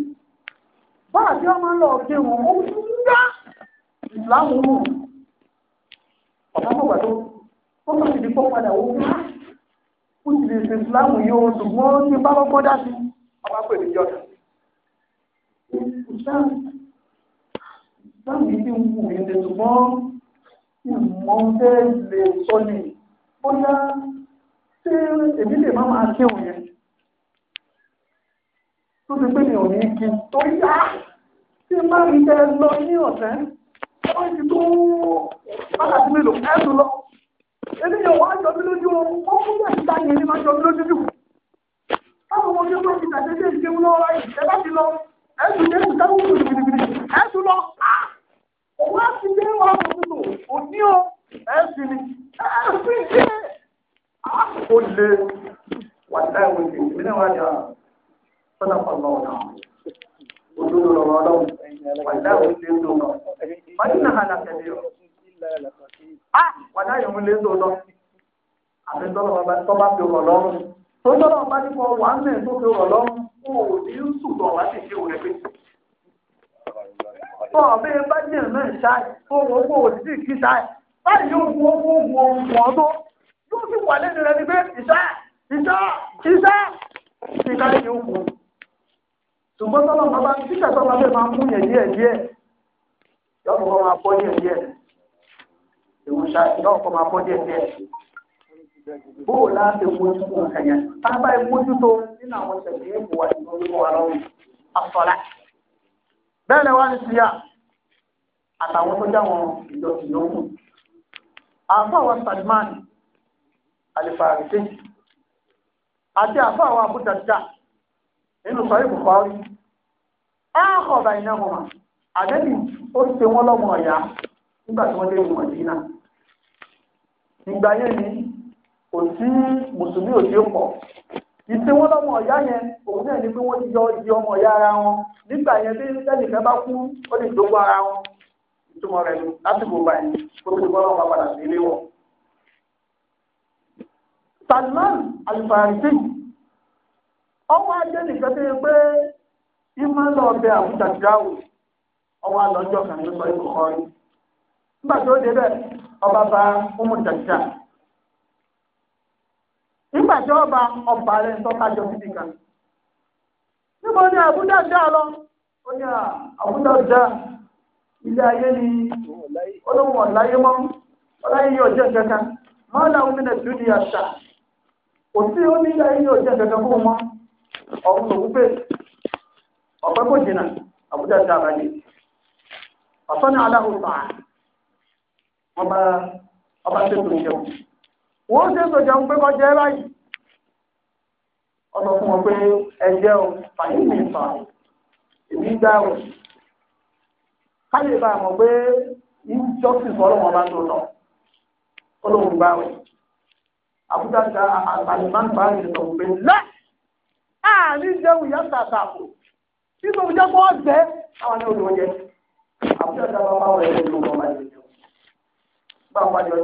Báà tí wọ́n máa ń lọ kírun, ó ń gbá ìlàmúrù ọ̀tá mọ̀gbà tó ó kàn sí ìdíkọ́ padà ó wá ó sì lè ṣe ìsìláàmù yìí ó ṣùgbọ́n ó ní bá kọ́kọ́ dá sí ọba pè mí jọta. ìsìláàmù yìí ti ń wù mí lè ṣùgbọ́n ìmọ̀ fẹ́ lè sọ ni bóyá ṣé èmi lè má máa kéwòn yẹn tó ti pé mi ò ní kí tó yá tí má rí ẹ lọ ní ọ̀sẹ̀ ó ti tó wákàtí mélòó ẹ̀sùn lọ. eléyìí ọ̀wá jọ mí lójú o ó fún bẹ́ẹ̀ níta yẹn ní máa jọ mí lójú jù. káwọn ọmọ ọdún máa ti tàṣẹ dé ìṣẹ́wó lọ́wọ́ láyé ẹ bá ti lọ ẹ̀sùn jẹ́ ìṣẹ́wó gidigidi ẹ̀sùn lọ. òun á ti dé wàá fún mi lò òní o ẹ̀sìn ni ẹ̀sìn jẹ́ ó lé wàtáì wọ́n ti ìpínlẹ̀ wà ní àwọn sọ́dọ̀ pọ̀ lọ́wọ́ náà. Ojú ló lọ́wọ́ lọ́wọ́ wàtáì wọ́n ti ń lò náà. fàyínà àlàkẹ́lẹ́ ọ̀ á wàdá ìhun lé lọ́dọ̀ àti tọ́ba fi rọ̀ lọ́rùn tó tọ́ba fi rọ̀ lọ́rùn kó o ní sùtọ̀ wá sí ìṣe òun ẹgbẹ́. ọ̀bẹ náà tó wọ́n kó o sì kí báyìí yóò wọ́n wọ́n wọ́n wọ́n tó yóò wà lẹ́nu rẹ ni pé ìṣá ìṣá ìṣá ìṣá yóò wọ́n. Ṣùgbọ́n tọ́lọ́ bàbá títà tọ́lọ́ bẹ́ẹ̀ máa yọọ kọ máa pọ díẹ̀ díẹ̀ ìwòsàn yọọ kọ máa pọ díẹ̀ díẹ̀ bóò láti mójútó nǹkan yẹn tábà mójútó nínú àwọn ìṣẹ̀lẹ̀ yẹn kò wá ní orúkọ wa lọ́wọ́ àfọlá bẹ́ẹ̀ lẹ́wọ́ ní síyà àtàwọn tó jáwọn ìjọsìn yòókù àfọ àwọn Salman alifarisi àti àfọ àwọn Abu Darda nínú sọ̀rọ̀ ìbùkọ́rí ẹ̀ ń kọ̀ báyìí náà mọ̀ àdẹ́bì ó ṣe wọ́n lọ́mọ ọ̀yá nígbà tí wọ́n dé ọdịna mọ̀dínà ìgbà yẹn ni kò sí mùsùlùmí òde pọ̀ ìṣe wọ́n lọ́mọ ọ̀yá yẹn òun náà ni pé wọ́n ti yọ ọmọ ọ̀yá ara wọn nígbà yẹn bí bá kú ó ara wọn ìtumọ̀ rẹ̀ ni láti gbogbo padà sí ilé wọn. Salman ọmọ ajé nìkan tó yẹ pé ìmọ̀ ọwọ́ àlọ́jọ́ kan ní sọ ikú kọrí nígbà tí ó débẹ̀ ọba bá ọmọ jàjà nígbà tí ọba ọba rẹ̀ ń tọ́kájọ síbi kan níbo ni àbújá dá lọ ó ní àbújá dá ilé ayé ni olóhùn ọ̀láyé mọ́ ọláyé yóò jẹ́ kankan mọ́lá omi nà tún di àṣà kò sí omi ilé ayé yóò jẹ́ kankan fún wọn ọ̀hún òwúgbé ọ̀pẹ́ kò jìnnà àbújá dá balẹ̀ ọ̀sán aláhùn bá ọba ọba tètò jẹun wọ́n tètò jẹun pé kọ́ jẹ́ báyìí ọ̀sọ̀ fún wọn pé ẹjẹ́ o fàyè mi fà èmi gbá o káyè bá mọ̀ pé ìjọsìn sọ́lọ́ wọn bá tó lọ ọlọ́run gbá o àbújá ta àgbàlùmáà bá rìn lọ pé lẹ́ àárín jẹun ìyá tàtàkù nítorí jẹ́ kó ọ̀jẹ́ àwọn ní olùwọ́jẹ́. àbúrò ọ̀dà bàbá wọn ẹgbẹ́ ìlú ọmọ ẹgbẹ́ jẹun bá wọn jọ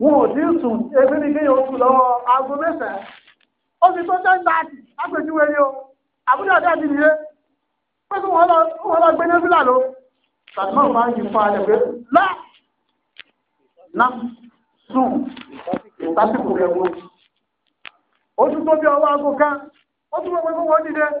wọn ò ní sùn ebi ní lọ́wọ́ aago mẹ́sàn-án ó tó ni àbúrò pé kí wọ́n lọ gbé ní máa ń yí fún alẹ́ pé ná sùn ìtàsíkò rẹ̀ wọ́n. ó tún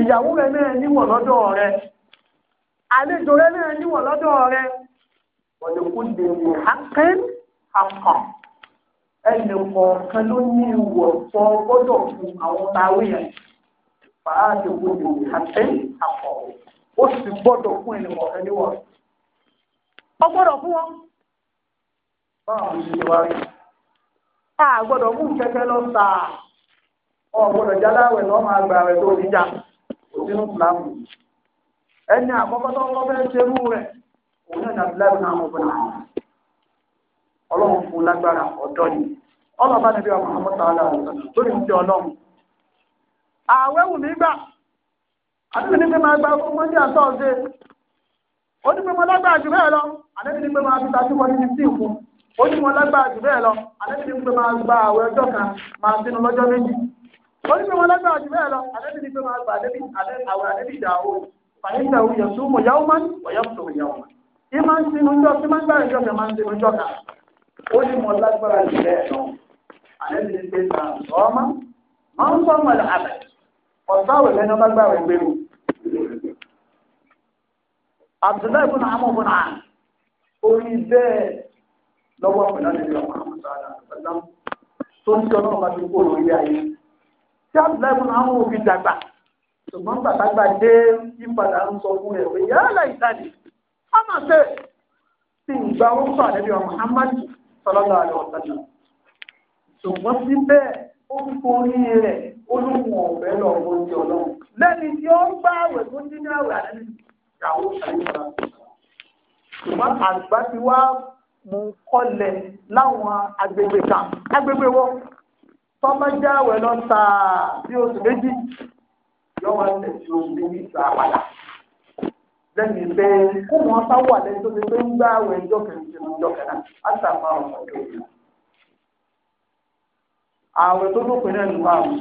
ìyàwó rẹ náà níwọ̀n lọ́dọ̀ rẹ àlejò rẹ náà níwọ̀n lọ́dọ̀ rẹ wọ̀lẹ̀kùn lè wò hákẹ́ àkàn ẹnì kọ̀ọ̀kan ló ní ìwọ̀ tó gbọ́dọ̀ fún àwọn táwé yẹn fàáàdì kò lè wò hákẹ́ àkàn ó sì gbọ́dọ̀ fún ẹnì kọ̀ọ̀kan níwọ̀n ọ gbọ́dọ̀ fún wọn báwo ni ṣe wá rí a gbọ́dọ̀ mú kẹ̀kẹ́ lọ sáà ọ gbọ́dọ̀ jáláwẹ̀ lọ́mọ àgbà rẹ̀ tó níjà. òsínú fúlàmù ẹni àkọ́kọ́ tó kọ́ fẹ́ ṣerú rẹ̀ òun náà náà mọ̀ ọlọ́run fún lágbára ọ̀dọ́ ni ọlọ́ba níbi ọmọ ọmọ ọlọ́run ààwẹ̀ wù mí gbà àdúgbò ní pé máa gba ó ní pé mo lágbára jù bẹ́ẹ̀ lọ àdébí ní pé máa fi ní sí ó ní mo lágbára jù bẹ́ẹ̀ lọ àdébí ní pé máa gba ó ní wọn lágbára jù bẹ́ẹ̀ lọ àdébí ni pé máa gba àdébí àwọn àdébí ìdáwó fàyínta òun yẹn súnmọ́ yàwó máa ń wọ̀yà sọ̀rọ̀ yàwó máa ń máa ń sinú jọ sí máa ń gbára jọ sí máa ń sinú jọ kà ó ní wọn lágbára jù bẹ́ẹ̀ lọ àdébí ni pé máa sọ ọmọ máa ń sọ ọmọ àbẹ ọ̀sáwẹ̀ lẹ́nu bá gbára ẹgbẹ́ mi. Abdullahi bin Amr bin An orí bẹ́ẹ̀ lọ́wọ́ pẹ̀lú àdébí ọmọ àwọn sọ̀rọ̀ tó ń ṣe ọlọ́run bá ti kó lórí ayé tí abdullahi ibùn àwọn òfin dàgbà ṣùgbọ́n gbàgbà dé ìpadà ń sọ fún ẹ̀ pé yálà ìtàlẹ̀ ọmọ ṣe ti ìgbà ó sọ àlẹ́bí ọmọ Muhammad sallallahu alaihi wasallam ṣùgbọ́n síbẹ̀ ó ń forí rẹ̀ olóhùn ọ̀fẹ́ lọ́wọ́ ti ọlọ́run lẹ́ni tí ó ń gbá àwẹ̀ tó ń dín ní àwẹ̀ àlẹ́ ìyàwó ṣàlùfà ṣùgbọ́n àgbà ti wá mú kọ́lẹ̀ láwọn agbègbè kan agbègbè wọn tọ́mọ jáwèé lọ tàà bí oṣù méjì lọ́wọ́ ẹsẹ̀ tí oṣù méjì tó àwàlà lẹ́yìn bẹ́ẹ̀ kó wọn sá wà lẹ́yìn tó ti pé ń gbá àwẹ̀ ìjọ kẹrìndínlẹ́ ìjọ kẹrìndínlẹ́ àtàwọn àwọn ọ̀dọ́ ìlú. àwẹ̀ tó dópin náà nù àwọn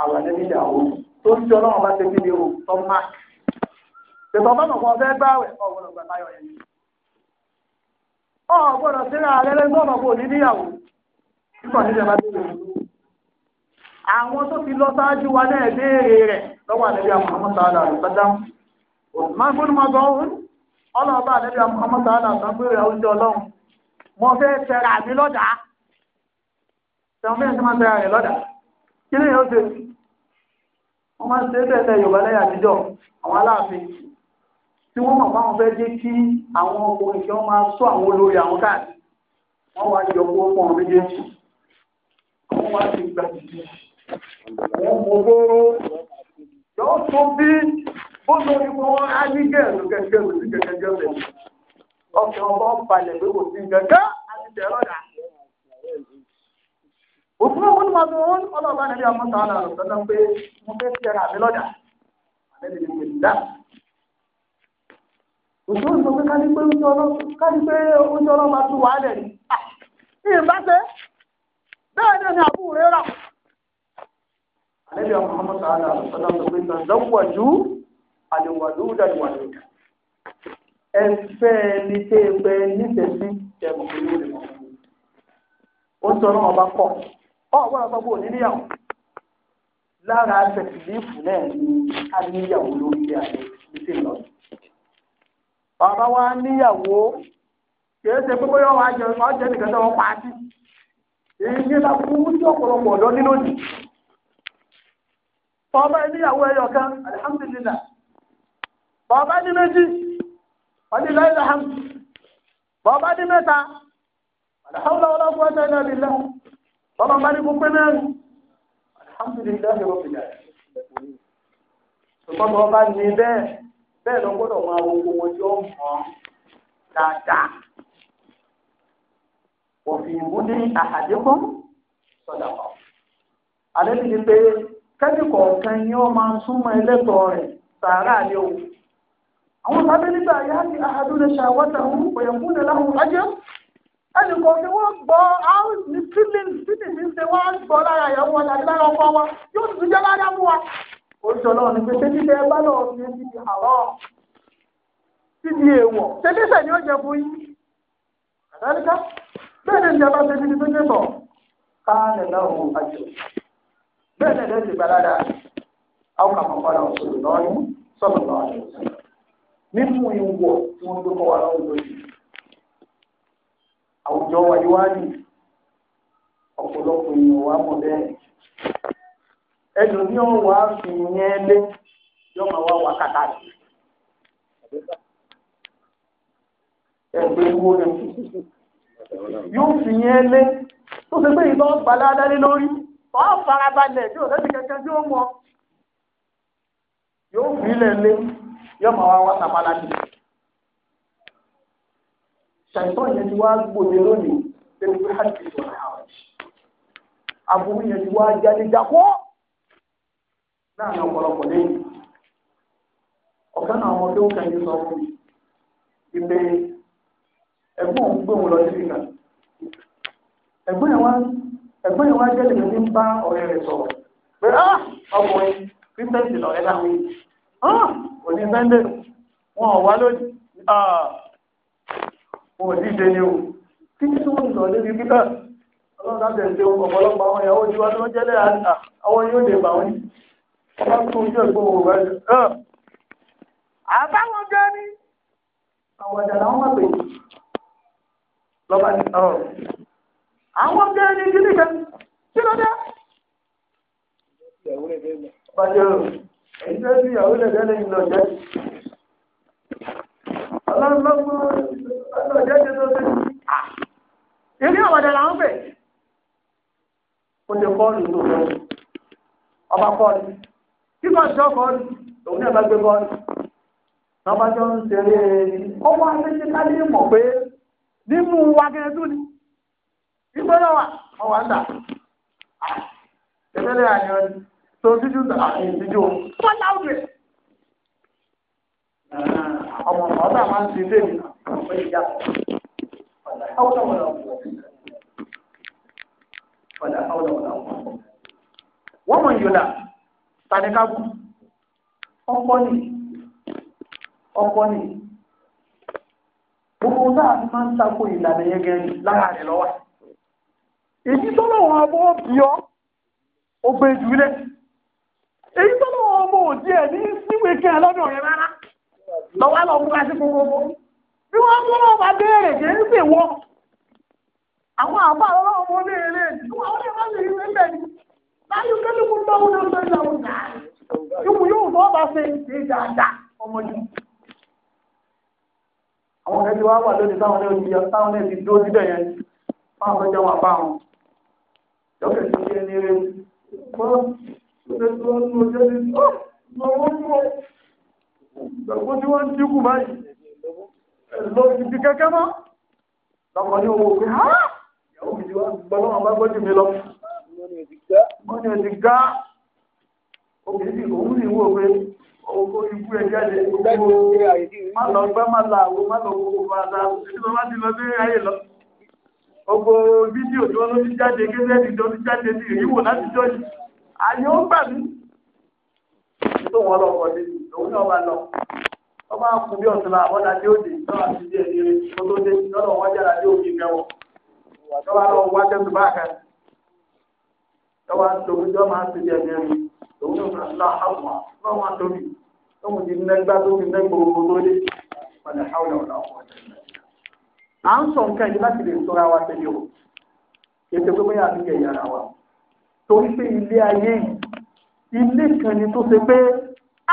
àwẹ̀ lẹ́yìn ìyàwó tó ń jọ náà bá ṣe kí ni o tọ́ mark. tètè ọba nàkọ́ fẹ́ gbá àwẹ̀ ọ̀gbọ́dọ̀ gbà báyọ̀ yẹn. ọ̀gbọ́dọ̀ síra rẹ lẹ́gbọ́n ọ̀gbọ́n òní níyàwó. nígbà àwọn tó ti lọ sáájú wa náà léèrè rẹ̀ lọ́wọ́ àdẹ́bí Muhammad sallallahu alaihi wasallam Usman fún mọ́ gan ohun ọlọ́ọ̀bá àdẹ́bí Muhammad sallallahu alaihi wasallam pèrè oúnjẹ ọlọ́run mo fẹ́ tẹ̀ra mi lọ́dà tẹ̀wọ́n máa ń tẹ̀ra rẹ̀ lọ́dà kí ni yóò ṣe wọ́n máa ń ṣe tẹ̀tẹ̀ Yorùbá lẹ́yìn àtijọ́ àwọn aláàfin tí wọ́n wá yọ kó pọ̀ méjèèjì wọ́n wá ti gbàdìdì wọ́n mọ bóró bí bó lórí fún wọn á ní gẹ̀ẹ́rù gẹ́gẹ́ òsì gẹ́gẹ́ gẹ́gẹ́ ọkàn ọba ń sí gẹ́gẹ́ àtijọ́ pé mo oúnjẹ ọlọ́ọ̀bá tún wà á lẹ̀ ní. bẹ́ẹ̀ ni àbúrò rẹ̀ àlẹ́bí àwọn ọmọ sàálà àlùsọ́lá ló pé tàzọ́wọ́jú àlùwàlúùdà ìwàlúùdà ẹ fẹ́ ẹni tẹ́ ẹ pẹ́ nífẹ̀ẹ́ sí ẹ̀mọ̀ pẹ̀lú rẹ̀ mọ́. ó sọ náà ọba kọ ọ wọ́n àgbà bò níníyàwó lára tẹ̀sílífù náà ni a níyàwó lórí àlẹ́ ìṣe lọ. bàbá wa níyàwó kìí ṣe pé bóyá wàá jẹ nìkan tó wọ́n pa á sí. èyí ní ìlànà fún ọ̀pọ̀lọpọ̀ ọ̀dọ́ nínú òdì bọ́ọ̀bá níyàwó ẹyọ kan alihamdulilah bọ́ọ̀bá ní méjì wàlílá ìlàhàm bọ́ọ̀bá ní mẹ́ta alihamdulilah ọlọ́gbọ́ ẹ̀ta ilẹ̀ ìlẹ̀ bọ́ọ̀bá bá ní gbogbo mẹ́rin alihamdulilah ẹ̀rọ fìlà ṣùgbọ́n bọ́ọ̀bá ní bẹ́ẹ̀ bẹ́ẹ̀ lọ gbọ́dọ̀ máa wo owó tí alẹ́ ti di pé kẹ́bí kọ̀ọ̀kan yẹn wọ́n máa súnmọ́ ẹlẹ́tọ̀ọ́ rẹ̀ sàárà ni o. àwọn sábẹ́ nígbà yá ni àádúrà ṣàwọ́tà ń pèyànkún ní láwùn ọjọ́ ẹnì kọ̀ọ̀kan wọ́n gbọ́ àwọn ní feeling feeling ní ṣe wọ́n gbọ́ lára ìyàwó wọn àti lára ọkọ wa yóò jẹ́ lára mú wa. oṣù náà ni pé bẹ́ẹ̀ bá bẹ́ẹ̀ náà lẹ́sìn gbalada àwọn kan kọ́kọ́ náà sọ̀rọ̀ lọ́ọ̀nù sọ̀rọ̀ lọ́ọ̀nù nínú ìwọ̀ tí wọ́n gbé kọ́ wa lọ́wọ́ lórí àwùjọ wa yìí wá ní ọ̀pọ̀lọpọ̀ èèyàn wa mọ̀ bẹ́ẹ̀ ọ̀hún wa fi yẹn lé wà fi yẹn lé tó ṣe pé kọ́ farabalẹ̀ tí na lẹ́sìn kẹ́kẹ́ tí ó mọ yóò fi ilẹ̀ lé yóò máa wá wá sàmálà ní. ṣàìtọ́ yẹn ti wá gbòde lónìí débi na hàjì ìṣòro àwọn aburú yẹn ti wá jáde jákọ́ láàrin ọ̀pọ̀lọpọ̀ lẹ́yìn ọ̀kan àwọn tó ń kàn lọ sí ìgbà ẹ̀gbọ́n ìwà jẹ́ lèmi ní bá ọ̀rẹ́ rẹ̀ sọ̀rọ̀ pé á ah, ọkùnrin kírísítẹ́ǹtì lọ̀rẹ́ láwọn yìí á ní sẹ́ńdẹ̀ wọn ò wá lónìí ah, wọn ò díje ni o kí ni tí wọ́n ń sọ lórí kíkà ọlọ́run láti ẹ̀ ṣe ọ̀pọ̀lọpọ̀ àwọn ìyàwó ojú wa tó ń jẹ́lẹ̀ àwọn yóò lè bà wọ́n ọba tó ń jẹ́ ìgbó wò wá jù. àbáwọn gan ni àwọn ọ̀dà ní ọ̀rọ̀ àwọn ọmọdé ní kíní kan kí ló dé. pàṣẹ o èyí tó ti ìyàwó lẹ́gbẹ́ lẹ́yìn lọ jẹ́. ọlọ́run ló mú ọlọ́run jẹ́ jẹ́ tó ṣe. èmi àwàdà là ń bẹ̀. ó lè bọ́ọ̀lù ló lọ ọba bọ́ọ̀lù kí kò sọ bọ́ọ̀lù òun náà bá gbé bọ́ọ̀lù lọ́bàjọ́ ń ṣeré ọwọ́ abẹ́jẹ́ ká lè mọ̀ pé nínú wa gẹ́gẹ́ tó ni ìgbọ́dọ̀ wà ọwà ń dà tẹ̀lé àyọ̀ tó dídú àti ìdíjú wọn láwùjọ ah, ọmọ ọ̀dà máa ń ti dé mi ọ̀pẹ ìjà ọ̀dà ọ̀dà ọ̀dà ọ̀dà wọ́n mọ̀ yọ̀dà tani ká kú ọ̀pọ̀ ni ọ̀pọ̀ ni gbogbo náà máa ń takò ìlànà yẹn gẹ́gẹ́ lára rẹ̀ lọ́wọ́ èyí tọ́lọ̀ wọn bó bí ọ ó gbé jùlẹ̀ èyí tọ́lọ̀ wọn bó òdí ẹ̀ ní síwèé kí ẹlọ́dọ̀ rẹ rárá lọ́wọ́ lọ múra sí gbogbo bí wọ́n mú wọn bá béèrè kì í wọ́n àwọn àbá ọlọ́wọ́ mọ́ ní eré ìwọ̀n ó lè má lè rí ẹgbẹ́ ni láyé kẹ́lùkù lọ́wọ́ àwọn ẹni wá wà lónìí táwọn ẹni ti dúró síbẹ̀ yẹn fáwọn ọjọ́ wà bá wọn lọ́kẹ̀ tí ṣe ní rẹ̀ wọ́n lọ́kẹ̀ tí wọ́n mú ọjọ́ ní ọ̀wọ́n mú ọ̀gbọ́n tí wọ́n dínkù báyìí lọ ìdí kẹ́kẹ́ mọ́ lọ́kọ̀ ní owó pé ha ìyàwó mi ti wá gbọ́dọ̀ wọn bá gbọ́dọ̀ mi lọ wọ́n ni ẹ̀sìn gá obìnrin òun ní ìwò pé owó ikú ẹ̀ jáde owó má lọ gbá má la àwọn má lọ gbogbo bá dáa gbogbo fídíò tí wọ́n ló ti jáde kéṣẹ́ẹ̀tì tó ti jáde sí ìrìwò láti jọ́ọ̀jì àyè ó gbà mí. tó wọn lọ wọlé òun náà wà lọ wọ́n máa bí ọ̀sán la wọ́n dájú òde náà àti díẹ̀ tó tó dé wọ́n jára dé lọ wá bá kan máa ti díẹ̀ òun náà à ń sọ nǹkan yìí láti lè sọra wa tẹ̀lé o ètò pé bóyá àbíkẹ́ ìyára wa torí pé ilé ayé yìí ilé kan ni tó ṣe pé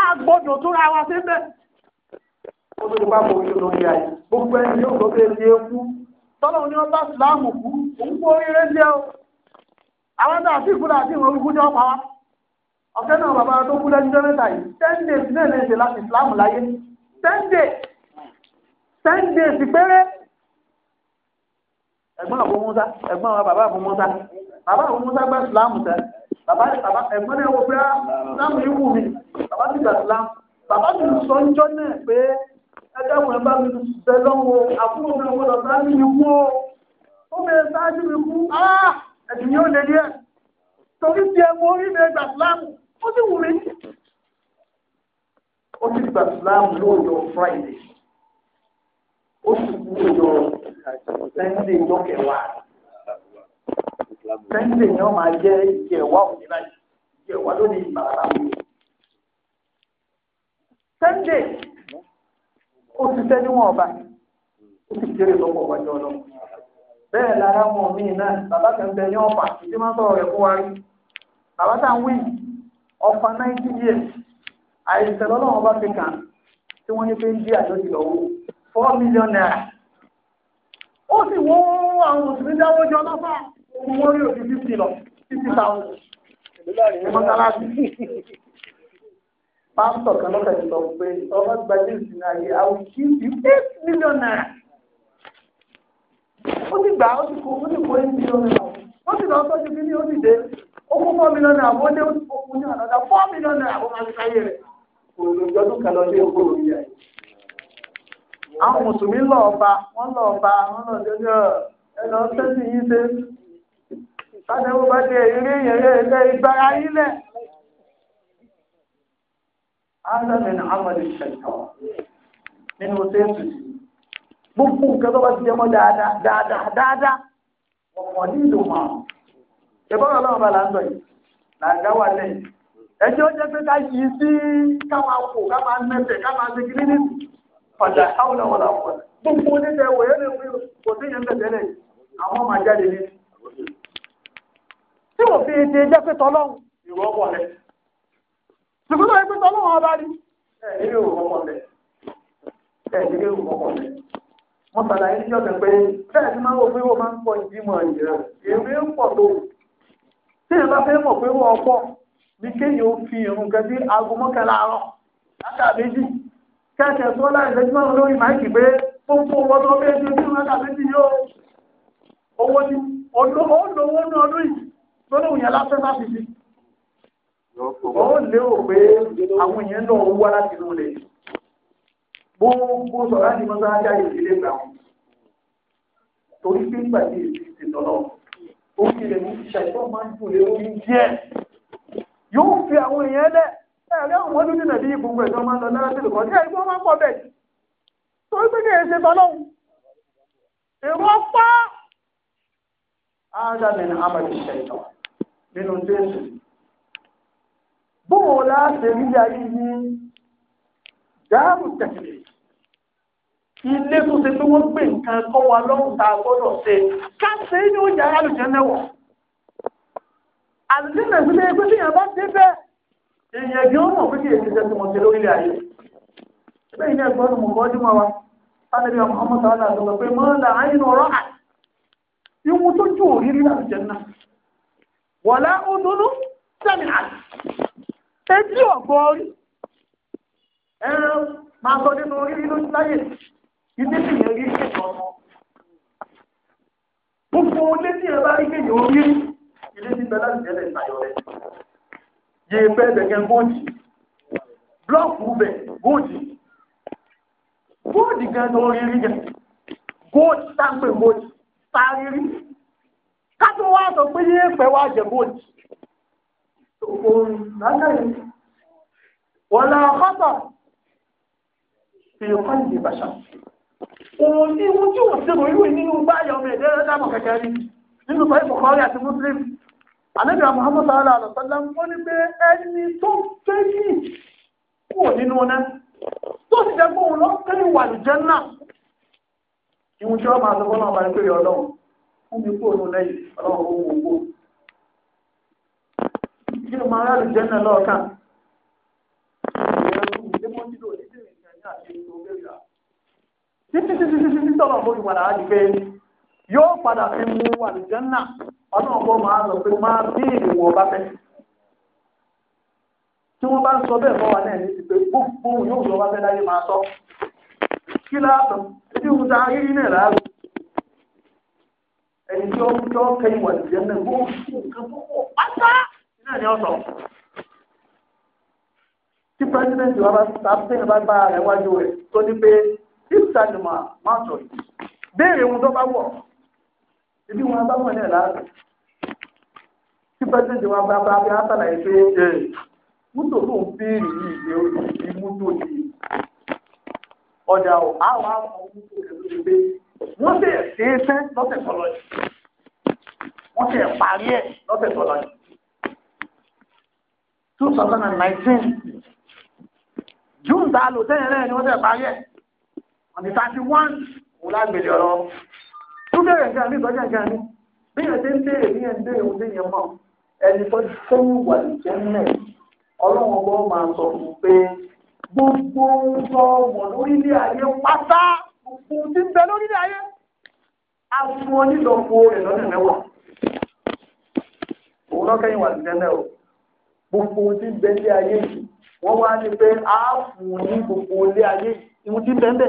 a gbọ́dọ̀ tó ra wa ṣe bẹ́ẹ̀. ó tó ti bá bọ̀ ojú lórí ayé gbogbo ẹni yóò lọ bẹ́ẹ̀ ṣe é kú tọ́lọ́run ni wọ́n bá sùlámù kú òun kú oríire ń jẹ́ o àwọn náà sì kúrò àti ìròyìn kú jọ́ pa wá ọ̀kẹ́ náà bàbá tó kú lẹ́jọ́ mẹ́ta yìí ten days náà lè ṣe láti sùlámù láyé ten days ten days péré ẹ̀gbọ́n àbò musa ẹ̀gbọ́n àwọn bàbá àbò musa bàbá àbò musa gba silamu tẹ bàbá bàbá ẹ̀gbọ́n náà wò pé ah, silamu yìí wù mí bàbá ti gba silamu bàbá ti sọ ń jọ náà pé ẹjọ́ wọn bá mi bẹ lọ́wọ́ àbúrò mi wọn lọ sáájú mi kú o ó bẹ sáájú mi kú áá ẹ̀sìn yóò lè díẹ̀ torí ti ẹ mọ orí mi gba silamu ó sì wù mí. ó ti gba silamu lóòjọ́ friday ó sì kú lóòjọ́ sunday tó kẹwàá sunday ni wọ́n máa jẹ́ ìjẹ̀wá òní láyé ìjẹ̀wá lónìí ìbàrà mi. sunday ó ti tẹ́ níwọ̀n ọba ó ti kéré lọ́pọ̀ wájú ọlọ́run bẹ́ẹ̀ lára wọn míì náà bàbá kan bẹ ní ọ̀pá tí wọ́n sọ̀rọ̀ rẹ̀ fún wa rí bàbá tá à ń wí ọ̀pá ninety years àìsàn lọ́lọ́run ọba fi kàn tí wọ́n ní pé ń jí àjọṣe lọ́wọ́ four million naira. ó sì wó àwọn òṣèré dáwọ́ jọ lọ́fà òun wọ́n rí òjì fífi lọ fífi táwọn mọ́sálásí. pásítọ̀ kan ti lọ pé ọmọ ayé àwọn eight million naira. ó sì gbà ó sì naira ó sì lọ sọ́jú bí ní ó sì dé ó kó four million naira wọ́n dé ó sì kó fún ní four àwọn mùsùlùmí lọ́ọ̀ba wọ́n lọ́ọ̀ba wọ́n lọ́ọ̀ yìí ṣe bá eré ìgbà ayé ní nínú gbogbo nǹkan tó bá ti dáadáa dáadáa dáadáa nílò bá yìí wà ẹjọ́ jẹ́ pé ká yìí sí káwọn ọ̀dà àwọn ọ̀dà ọ̀dà gbogbo oníṣẹ́ ìwé yẹn lè wí kò sí yẹn bẹ̀rẹ̀ lẹ̀ àwọn máa jáde ní. tí mo fi jẹ́ pé tọ́lọ́hùn ìwọ́ lẹ̀. ṣùgbọ́n tó yẹ pé tọ́lọ́hùn ọba rí. lẹ̀. lẹ̀. mo pé bẹ́ẹ̀ máa pé wọ́n máa ń pọ̀ èmi ń pọ̀ tó. tí bá fẹ́ mọ̀ kẹ́kẹ́ tó láì lẹ́jọ́ lórí máìkì pé gbogbo owó tó fẹ́ ṣe fún mẹ́ta méjì yóò owó ní olówó ní ọdún yìí lọ́lọ́wọ́ yẹn lásán bá fi sí. ó lérò pé àwọn èèyàn náà owó wá láti inú ilé gbogbo sọ̀rọ̀ àti mọ́tò ajá yìí lè gbà wọn. torí pé nígbà tí èyí ti tọ̀nà ó kéré ní ìṣàìsàn máa ń dùn lé orí díẹ̀ yóò fi àwọn èèyàn lẹ̀ ẹ̀rẹ́ òun mọ́dún ní nàbí gbogbo ẹ̀dọ́ máa ń lọ lára sílùkọ́ ní ẹ̀rí wọ́n máa ń pọ̀ bẹ́ẹ̀ torí pé kìí ṣe tọ́lọ́hún èrò pa ádámì ní amadi ṣẹ̀tọ̀ nínú jésù bóun láti rí ayé ní dáàbò tẹ̀lé ilé tó ṣe pé wọ́n gbé nǹkan kọ́ wa lọ́hùn tá a gbọ́dọ̀ ṣe ká ṣe é ní oúnjẹ alùjẹ́ mẹ́wọ̀ àlùjẹ́ nàìjíríà pé bí yàrá bá bẹ́ẹ̀ èèyàn bí ó mọ̀ pé èyí tí mo ṣe lórílẹ̀ ayé ṣẹlẹ̀ ilé ẹ̀gbọ́n ni mo wa sálẹ̀bí ọmọ ọmọ sàlẹ̀ pé mọ́ ọ̀rọ̀ tó jù orílẹ̀ rí náà wọ̀lá ẹ̀fẹ́ ẹ̀dẹ̀kẹ́ góòdì blọ́ọ̀kù bẹ̀ góòdì góòdì gan tó rírí gan góòdì táǹpẹ̀ góòdì tárírí kátó wá sọ pé yé pẹ̀ wá jẹ góòdì òun lágbàáyé wọ́n lọ kọ́tọ̀ fi kọ́ ìdí bàṣà òun ní ojú òṣèlú ìwé nínú báyọ̀ ọmọ ẹ̀dẹ́rẹ́dàmọ̀ kẹ̀kẹ́ rí nínú pẹ̀lú kọ́rí àti mùsùlùmí àlejò Muhammad sallallahu alaihi wa sallam wọ́n ní pé ẹni tó fẹ́yìn kúrò nínú ọ̀nà tó sì jẹ́ gbóhùn lọ kẹ́yìn wà ní jẹ́nà ìwọ̀n tí wọ́n máa lọ́wọ́ náà wáyé péré ọlọ́run fún mi kúrò nínú lẹ́yìn ọlọ́run owó owó kí ló máa rà lè jẹ́nà lọ́ọ̀kan títí títí títí tọ́lọ̀ mọ́ ìwọ̀n àá di pé yóò padà fi mú àlùjànnà ọlọ́run kó máa lọ pé máa bí ìwọ̀n bá fẹ́. tí wọ́n bá ń sọ bẹ́ẹ̀ fọ́ wa náà ní ti pé gbogbo yóò sọ wá fẹ́ láyé máa sọ. kí láàtọ̀ tí wọ́n ta ayé nínú ẹ̀rá rẹ̀ ẹni tí ó ń tọ́ kẹ́yìn wà lùjànnà gbogbo nǹkan púpọ̀ pátá náà ni ó sọ tí pẹ́sidẹ́ntì wa bá sábẹ́ bá gba rẹ̀ wájú rẹ̀ tó ní pé ìsàdùmọ̀ máa sọ yìí béèrè ohun tó bá wọ̀ ibi wọn bá wọn náà láàbù tí pẹ́sẹ́ǹtì wọn bá bá bí wọ́n sàlàyé pé ẹ̀ mútò tó ń béèrè yìí ni ó ti mútò ní ọjà ò àwọn àwọn mútò rẹ̀ ló ti gbé wọ́n sì ṣe é sẹ́ lọ́sẹ̀ tọ́lọ́ yìí wọ́n sì parí ẹ̀ lọ́sẹ̀ tọ́lọ́ yìí two thousand and nineteen june tá a lò tẹ́yìn rẹ̀ ni wọ́n sì parí ẹ̀ on the thirty one wọ́n lágbèlè ọ̀rọ̀ bẹ̀rẹ̀ nǹkan àbí ìtọ́jà nǹkan ọlọ́run ọgbọ́n máa sọ fún pé gbogbo ohun tó lórílẹ̀ ayé pátá gbogbo tí ń bẹ lórílẹ̀ ayé a fún ọ nílọ́pọ̀ rẹ̀ lọ́dún mẹ́wàá òun lọ́kẹ́yìn wà lùjẹ́ mẹ́ o gbogbo tí ń bẹ lé ayé yìí wọ́n wá ní pé a fún ní gbogbo ilé ayé ìhun tí ń bẹ ń bẹ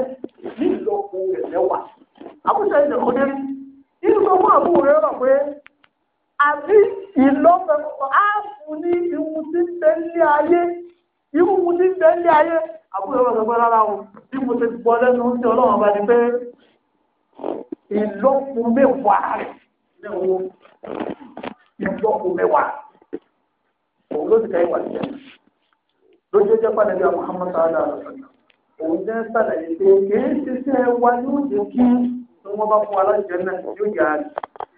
nílọ́pọ̀ rẹ̀ mẹ́wàá àbúṣe ìdẹ̀kọ́dẹ́rí nínú tó fún àbúrò rẹ̀ rọ̀ pé àbí ìlọ́fẹ̀ á fún ní ihun tí ń bẹ ní ayé ihun tí ń bẹ ní ayé àbúrò rẹ̀ rọ̀ pé rárá o bí mo ti gbọ́ lẹ́nu tí ọlọ́run bá ní pé ìlọ́fun mẹ́wàá rẹ̀ lẹ́wọ́ ìlọ́fun mẹ́wàá òun ló ti ka ìwà jẹ lójú ẹjẹ padà bí i àwọn Muhammad sallallahu alaihi wa sallam òun jẹ́ sàlàyé pé kì í ṣiṣẹ́ wa yóò jẹ́ kí tó wọ́n bá fún wa láti jẹ́ náà yóò yà á rí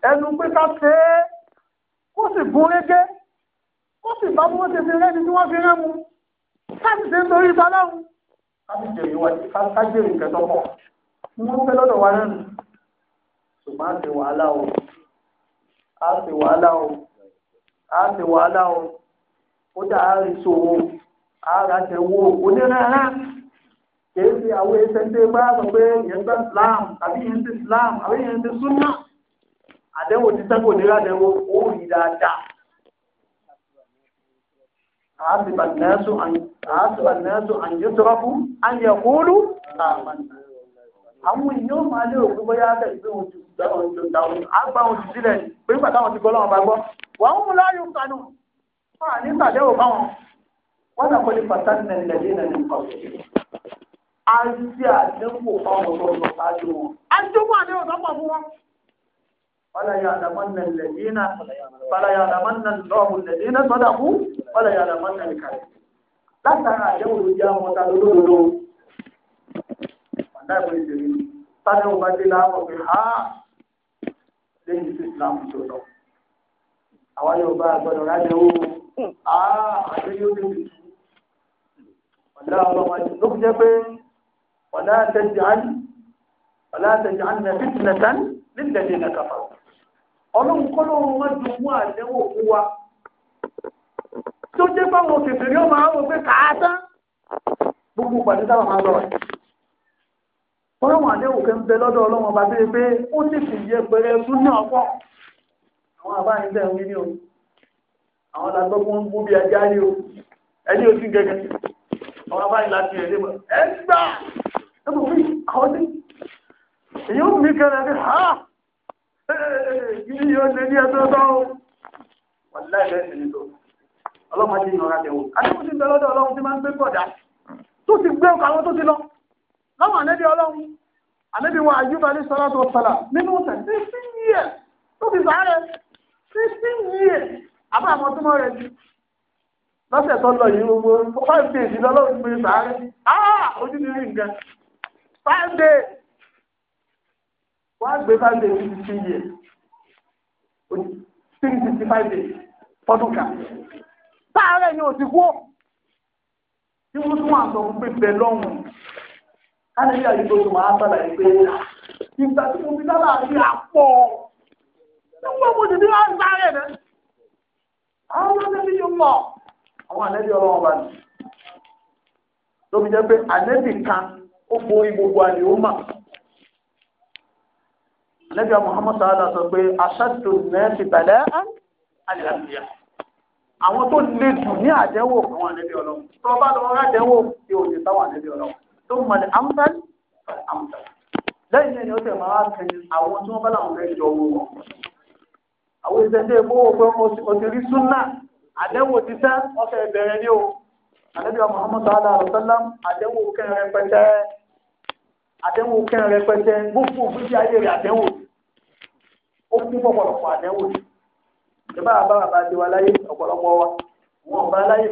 ẹnu pé ká ṣe é kó sì gún régé kó sì bá wọn ṣe fi rẹ́ni tí wọ́n fi rẹ́ mu káàdì ṣe ń torí sọlọ́run káàdì jèrè wa kájèrè kẹtọ́ pọ̀ wọ́n fẹ́ lọ́dọ̀ wa náà ṣùgbọ́n a ṣe wàhálà o a ṣe wàhálà o a wàhálà o ó dà á rí sòwò a rà jẹ wo kìí ṣe àwọn ẹsẹ̀ ṣe bá sọ pé yẹn gbà Islam àbí yẹn ti Islam àbí yẹn ti súnà àdẹ́wò ti sẹ́kọ̀ọ́ nílẹ̀ àdẹ́wò ó rí dáadáa. حسب الناس أن حسب الناس أن يتركوا أن يقولوا آمنا àwọn èèyàn máa lérò pé bóyá bẹ́ẹ̀ pé òun ti gbà òun ti gbà òun á gba òun ti sílẹ̀ pé nígbà táwọn ti gbọ́ lọ́wọ́ bá gbọ́ wọ́n ń mú láàyò kanú wọ́n à ní sàdéhùn báwọn wọ́n dàpọ̀ ní pàtàkì nàìjíríà nàìjíríà àti àdínkù ọmọ tó lọ sáájú wọn. àdínkù àdéhùn tó pọ̀ fún wọn. Fọláyà àdàmọ́nà lẹ́dínà Fọláyà àdàmọ́nà lọ́ọ̀mù lẹ́dínà sọ́dàkú Fọláyà àdàmọ́nà ìkàlẹ̀. Látara àdéhùn ló jẹ́ àwọn ọ̀tá lólódodo. Bàdá ìwé ìṣèlú. Sáré òun bá dé láàárọ̀ pé ha lẹ́yìn sí ìsìlámù tó lọ. Àwa yóò bá àgbọ̀dọ̀ rájẹ̀ owó. Àá àdéhùn ló ti tù. Ọ̀dọ́ àwọn ọmọ ولا àtẹ̀jáde ọ̀là àtẹ̀jáde fìtìnẹ̀tàn nílẹ̀ ní nàkàfà ọlọ́run kọ́ lóun wọ́n ju mú àdéhùn òkú wa tó jẹ́ báwọn kèfèrè ọmọ àwọn òfin kàátá gbogbo pàdé táwọn máa lọ rẹ̀ ọlọ́wọ̀n àdéhùn kẹ́ ń bẹ lọ́dọ̀ ọlọ́wọ̀n bá bẹ́ẹ̀ pé ó sì fi yẹ pẹrẹ tún ní ọ̀pọ̀ àwọn àbáyín bẹ́ẹ̀ wí ní o àwọn làgbọ́ fún ń bú bí ajá ní o ẹni ò sí gẹ́gẹ́ àwọn àbáyín láti ẹ̀ ẹ kò fi àwọn ní èyí ó ha yíyí ó lé ni tó ọlọ́mọ ti yànra tẹ̀wò àdéhùn ti ń bẹ lọ́dọ̀ ọlọ́run ti máa ń gbé pọ̀dà tó ti gbé ọkọ̀ àwọn tó ti lọ láwọn ànẹ́bí ọlọ́run ànẹ́bí wa àyùbá ní sọ́lá tó sọ́lá nínú ọ̀sẹ̀ sixteen years tó fi sàárẹ̀ sixteen years àbá àwọn ọdún rẹ̀ ju lọ́sẹ̀ tó lọ yìí gbogbo five days lọ́lọ́run gbé sàárẹ̀ ah ojú ti rí nǹkan five days wọ́n á gbé five days ní fifty years three sixty five days fọ́dún kan sáárẹ̀ ni ò ti kú tí wọ́n tún wà sọ pé bẹ̀ lọ́hùn káàdì yà yìí tó tún máa sọ̀rọ̀ yìí pé ìgbà tí mo fi sábà rí àpọ̀ nígbà mo ti ní wọ́n sáré rẹ̀ àwọn ọlọ́dẹ́bí yóò mọ̀ àwọn àlẹ́bí ọlọ́wọ́ bá ní lóbi jẹ́ pé àlẹ́bí kan. ó borí gbogbo àlè ó mà. Ànábì Muhammad Sa'adà sọ pé aṣáájú mẹ́sì bẹ̀lẹ́ àlìyá. Àwọn tó le jù ní àdẹ́wò àwọn ànábì ọlọ́run. Tó bá lọ rán àdẹ́wò tí ò lè táwọn ànábì ọlọ́run. Tó mọ̀lẹ̀ Amúdálì Lẹ́yìn ó tẹ̀ máa àwọn tí wọ́n bá wọn. Àwọn rí súnà àdẹ́wò ti ìbẹ̀rẹ̀ ni o. àdẹ́wò àdánwò kẹrin rẹpẹtẹ gbogbo òfìsí ayé rẹ àdánwò ó kún pọ̀pọ̀lọpọ̀ àdánwò ìjọba àbá bàbá ti wá láyé ọ̀pọ̀lọpọ̀ wa wọn bá láyé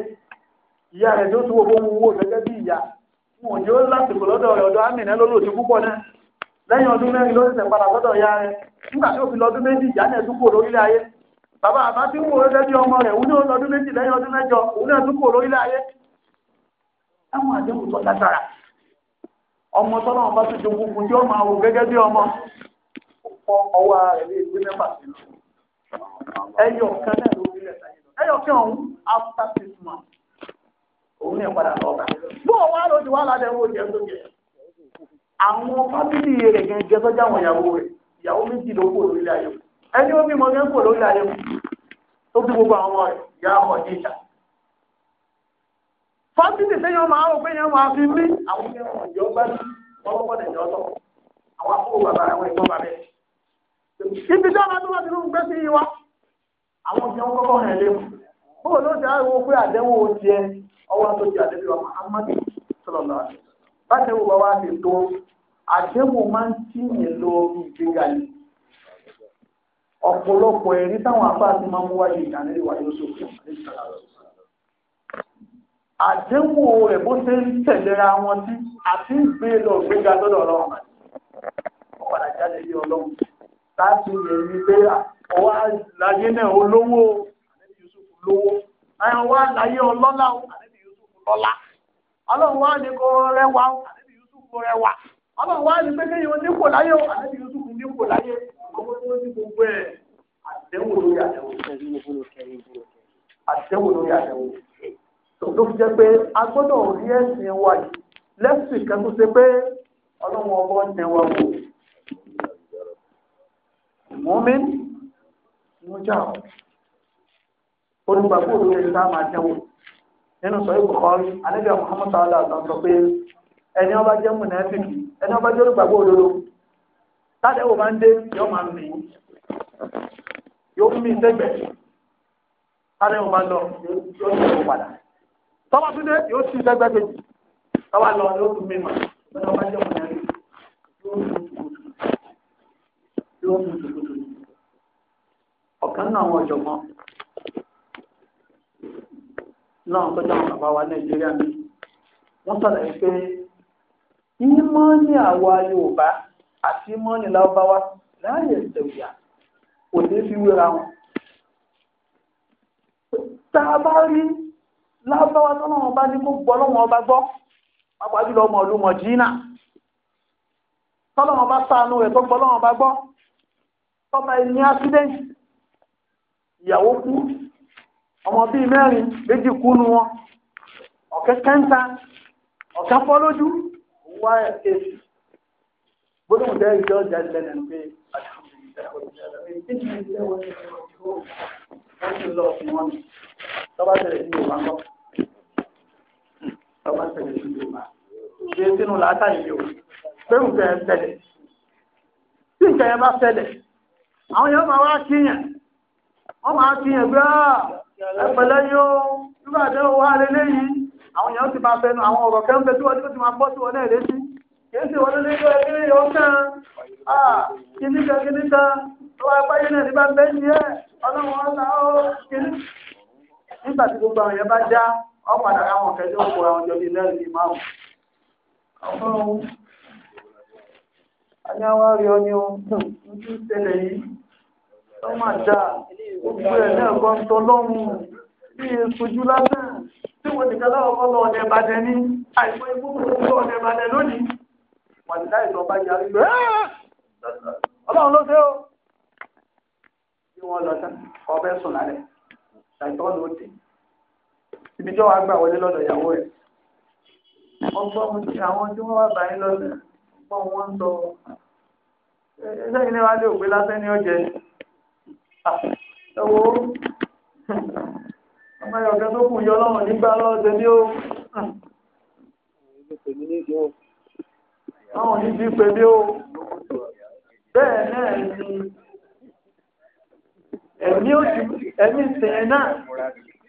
ìyá rẹ̀ tó tún wo fún owó gẹ́gẹ́ bí ìyá wọn ò jẹ́ ó lásìkò lọ́dọ̀ ọ̀dọ̀ àmìnà lólòtí púpọ̀ náà lẹ́yìn ọdún mẹ́rin ló ṣẹ̀ṣẹ̀ padà sọ́dọ̀ ìyá rẹ̀ nígbà tí ó fi lọ́dún méjì ìyá náà tún kò lórílẹ̀ ayé bàbá àbá tí ń wo gẹ́gẹ́ bí ọmọ rẹ̀ òun náà lọ́dún méjì lẹ́yìn ọdún mẹ́jọ òun náà tún lórílẹ̀ ayé. ọmọ tọ́lá ọba tó ndị fún jọ́ máa wò gẹ́gẹ́ bí ọmọ fọ́ ọwọ́ rẹ̀ lé ìwé mẹ́fà sí lọ. ẹyọ kan náà ló fi lẹ̀ ẹyọ kí ọ̀hún o wá wá ládẹ́ owó jẹ́ àwọn rẹ̀ jẹ́ sọ́jà àwọn ìyàwó rẹ̀ ìyàwó lórílẹ̀ ayé ẹni ó bímọ gẹ́gẹ́ lórílẹ̀ ayé tó bí gbogbo àwọn fọ́ńtìtì sẹ́yìn máa rò pé yẹn máa fi mí àwọn yẹn wọ̀n jọ bá sí ọlọ́pọ̀ nìjọ tọ̀ àwọn àbúrò bàbá àwọn ẹ̀gbọ́n bàbá ẹ̀. ibi tí wọn bá ti gbé sí wá àwọn ọmọ kọ́kọ́ lé ló ti pé àdéhùn ọwọ́ tó ti àdébí báṣẹ wo bàbá ti tó àdéhùn rẹ̀ bó ṣe ń tẹ̀lera wọn sí àti ń gbé lọ gbéga lọ́dọ̀ ọlọ́run ọ̀padà jáde yé ọlọ́run láti yẹ̀ pé ọwọ́ láyé náà olówó àlẹ́bí Yusuf lówó láyé ọlọ́lá Yusuf lọ́lá ọlọ́run wá ní kó rẹwà Yusuf rẹwà ọlọ́run wá ní pé kéyìn ló fi jẹ́ pé a gbọ́dọ̀ rí ẹ̀sìn wa yìí lẹ́sìn kan tó ṣe pé ọlọ́run ọgbọ́n ń tẹ̀wá wò. mọ́mí níjà olùgbàgbọ́ òdòdó ìta máa tẹ̀wò nínú sọ ìkọ̀kọ́ alẹ́bíà Muhammad sallallahu alaihi wasallam sọ pé ẹni ọba jẹ́ mùnẹ́fìkì ẹni ọba jẹ́ olùgbàgbọ́ òdòdó tádẹ́wò máa ń dé yóò máa mì yóò mì sẹ́gbẹ̀ẹ́ tádẹ́wò máa lọ yóò mì padà tọ́wọ́ tún dé yóò sì lẹ́gbẹ́ kejì tọ́wọ́ lọ yóò tún mímọ́ lọ́wọ́ bá jẹ́ ọ̀nà rí yóò tún tùkùtù ọ̀kan náà wọ́n jọ̀gbọ́n náà tó dáhùn bàbá wa nàìjíríà ní wọ́n sọ̀rọ̀ pé ìmọ̀ọ́nì àwa yorùbá àti ìmọ̀ọ́nì láwùbáwá láàyè ìtẹ̀wìyà kò sí fi wéra wọn tá a bá rí lábáwá tọ́lọ́wọ́n bá ní kó gbọ́ lọ́wọ́n ọba gbọ́ pàápàá jùlọ ọmọ ìlú mọ̀jínà tọ́lọ́wọ́n bá ṣàánú rẹ̀ tó gbọ́ lọ́wọ́n ọba gbọ́ tọ́ba ní ásídẹ́ǹtì ìyàwó kú ọmọ bíi mẹ́rin méjì kú nu wọn ọ̀kẹ́ kẹ́ńtà ọ̀kẹ́ fọ́ lójú wá èsì gbọ́dọ̀ jẹ́ ìjọ jẹ́jẹ́ nínú pé alhamdulilayi tọ́ba tẹ̀lé ní ìwà náà ọba tẹ̀lé síbi ìgbà ṣe sínú làákàyè mi ò pé nǹkan ẹ̀ tẹ̀lé tí nǹkan ẹ̀ bá tẹ̀lé àwọn yóò máa wá kíyàn wọ́n máa kíyàn gbé ah, ẹ̀pẹ̀lẹ́ yóò nígbà tí ó wá lé léyìí àwọn yóò ti máa fẹnu àwọn ọ̀rọ̀ kẹ́ńpẹ́ tí wọ́n ti máa gbọ́ sí wọn náà létí kì í sì wọ́n lé lé lé yóò kàn án kìnnìkà kìnnìkà tó wá pẹ́yìn náà nígbà bẹ́ẹ̀ oh, ni ẹ̀ ọlọ́run ọ̀sán ó kìnnìkà nígbà tí gbogbo àwọn yẹn bá já ọ̀padà àwọn kẹjọ òkú àwọn jọ bíi mẹ́rin bíi márùn. ọ̀hún ayáwá rí ọ ní ohun ojú tẹlẹ yìí tó máa dà gbogbo ẹ̀ náà kọ́ ń tọ́ lọ́rùn bí ìsojú lásán tí wọ́n nìkan láwọn kọ́ lọ ọ̀dẹ̀ ìbàdàn ní àìpẹ́ ọlọ́run ló dé o bí wọ́n lọ sá ọbẹ̀ sùn lálẹ́ ṣàìtọ́ ló dé ibi tí wọ́n á gbà wọlé lọ́dọ̀ ìyàwó ẹ̀. ọgbọ́n ti àwọn tí wọ́n wá bá yín lọ́dọ̀ ọgbọ́n wọn ń lọ. ẹsẹ̀ yìí ni wàá lé òpè lásán ní ọ̀jẹ̀. ẹ̀wọ̀ ọmọ ìyọ̀kẹ́ tó kù yọ lọ́wọ́ nígbà lọ́sẹ̀ ní ó. àwọn ò ti pè mí ó. bẹ́ẹ̀ náà ni ẹ̀mí ìsìn náà.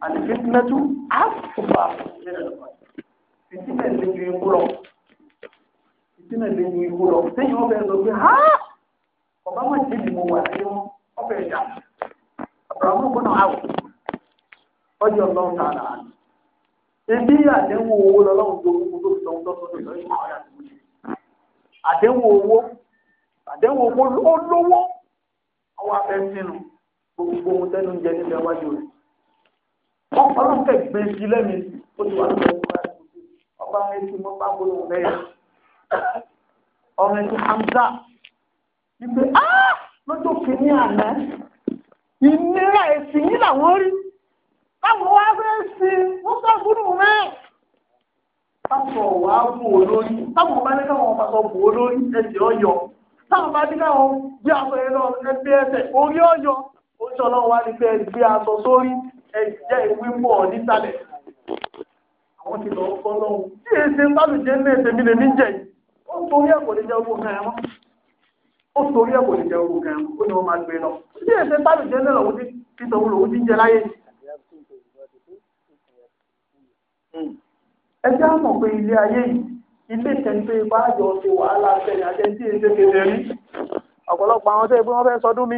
alifitinatu afufa fitinɛ le le ha ma ti di mo wà ní ọbẹ dà abrahamu kò náà awọ ọjọ Ọlọ́run tà ebi àdéhùn owó lọ́lọ́run tó gbogbo ohun wájú wọ́n fọlọ́ tẹ̀ gbé sí lẹ́mi ọba ẹni tí mo bá gbólóhùn ọmọ ẹni Hamza ìgbé ah! lọ́jọ́ kìíní àná ìnira èsì yìí làwọn rí báwo wá fẹ́ sí wọ́n bá gbólóhùn mẹ́rin táwọn ọ̀wá bò ó lórí táwọn ọba káwọn ó lórí táwọn ọba káwọn lọ ẹgbẹ́ orí oṣù ọlọ́run wá ní gbé aṣọ sórí ẹ̀jẹ̀ ìwípọ̀ nísàlẹ̀ àwọn ti lọ fọ́ lọ́wọ́ tí èyí ṣe ń bálùjẹ́ ní ẹ̀sẹ̀ mi lè ní jẹ̀ yìí ó torí ẹ̀ kò lè jẹ́ owó kan ẹ̀wọ̀n ó torí ẹ̀ kò lè jẹ́ owó kan ẹ̀wọ̀n ó ní wọ́n máa gbé lọ tí èyí ṣe ń bálùjẹ́ ní ọ̀wọ́ tí títọ̀ wúlò ó ti jẹ láyé ẹ jẹ́ àmọ̀ pé ilé ayé yìí ilé tẹ̀síṣe bá yọ ṣe wàhálà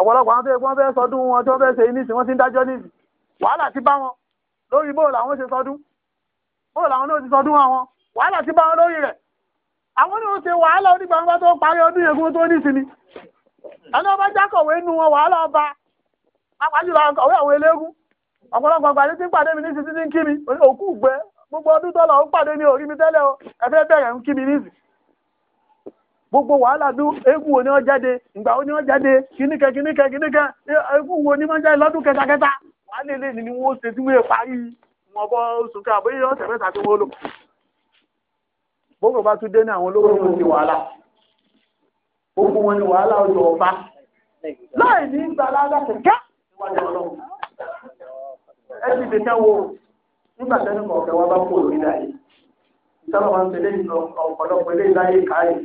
ọ̀pọ̀lọpọ̀ àwọn tó yẹ kí wọ́n fẹ́ sọdún wọn tí wọ́n fẹ́ ṣe nísìn wọ́n ti ń dájọ́ nísìn wàhálà ti bá wọn lórí bóòlù àwọn ṣe sọdún bóòlù àwọn náà ti sọdún àwọn wàhálà ti bá wọn lórí rẹ̀ àwọn náà ṣe wàhálà onígbà wọn tó parí ọdún yẹn kí wọ́n tó nísìn ni ẹni ọba jákọ̀wé nu wọn wàhálà ọba apájùlọ ọ̀wé àwọn eléégún ọ̀pọ̀lọpọ̀ gbàdé tí ń pàdé mi nísìn tí kí mi òkú gbẹ gbogbo ọdún tọ́lọ̀ ó pàdé mi ò mi tẹ́lẹ̀ ẹ fẹ́ bẹ̀rẹ̀ ń kí mi nísìn gbogbo wàhálà bí eégún wo ni wọ́n jáde ìgbà wo ni wọ́n jáde kìnnìkan kìnnìkan kìnnìkan eégún wo ni wọ́n jáde lọ́dún kẹtàkẹta wàá lè lè ní wọ́n ṣe tí wọ́n parí wọn bọ́ oṣù kan àbóyé ọ̀sẹ̀ mẹ́ta tí wọ́n lò. gbogbo bá tún dé ní àwọn olówó wọn ti wàhálà gbogbo wọn ni wàhálà ọjọ́ ọba láì ní gbàlá alákẹ̀kẹ́ ìwádìí ọlọ́run ẹ ti fi kẹ́wọ́ nígbà tẹ́lifọ̀ ọ̀kẹ́ wa bá kú òmìnira yìí ìtọ́lọ́wọ́n ń tẹ̀lé ìlọ ọ̀pọ̀lọpọ̀ ilé ìláyé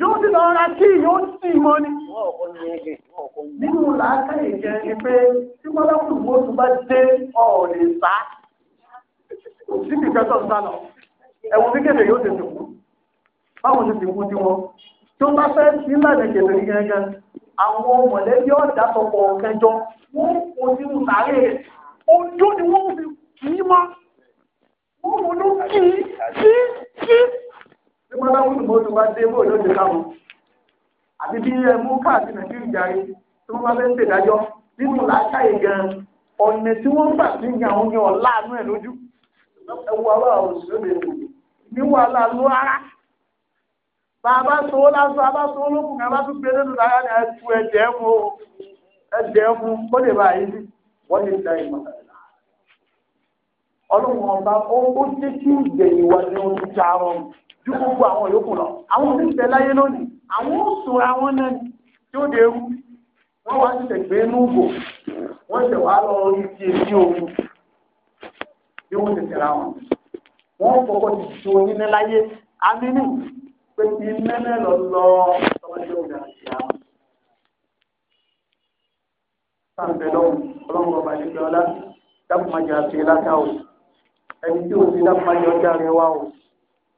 yóò sì lọ ra kí yóò sì mọ́ ni. nínú làákàyè jẹ́ ni pé tí mọ́lẹ́kùn mọ́tò bá dé ọ̀ọ́lẹ̀ sá kò sí kìkẹ́ tó ń sá lọ ẹ̀wù bí kéde yóò tètè kú báwo ni ti kú tí wọ́n tó bá fẹ́ sílẹ̀ ní kéde ní gẹ́gẹ́ àwọn mọ̀lẹ́bí ọ̀dà tọkọ̀ kẹjọ wọ́n kò sínú sáré rẹ̀ ojú ni wọ́n fi kì í mọ́ wọ́n mọ̀ ló kì í kì í kì í tí wọ́n láwọn olùmọ̀ tó bá dé bóòlù òde káwọn àti bí ẹ mú káàkiri nàìjíríà jáde tí wọ́n bá fẹ́ ń ṣèdájọ́ nínú làákàyè gan ọ̀nà tí wọ́n gbà sí ìyá òun ni ọ̀la àánú ẹ̀ lójú ẹwọ àwọn òṣèlú èkó ní wàhálà ló ara bàbá tó lásán bàbá tó lókùn kan bá tún gbé lẹ́nu lára ni ẹtù ẹ̀jẹ̀ mu ẹ̀jẹ̀ mu kó lè bá yìí wọ́n lè da ìmọ̀ ọlọ́run ọba ó jẹ́ kí ìgbẹ̀yìn ju gbogbo àwọn yòókù lọ àwọn òbí ìfẹ́ láyé lónìí àwọn oṣù àwọn náà tí ó dẹrú wọ́n wá ti tẹ̀gbẹ́ núgbò wọ́n tẹ̀ wá lọ orí ti etí ogun bí wọ́n ti tẹ̀ra wọn wọ́n fọwọ́ ti ju onílé láyé amínú pé ti nẹ́nẹ́ lọ lọ ọmọdé ọ̀gá àti àwọn. sáǹbẹ̀ lọ́wọ́ ọlọ́run ọba ìgbẹ́ ọlá dákùmájà àti ìlàkà o ẹni tí o ti dákùmájà ọjà rẹ wá o.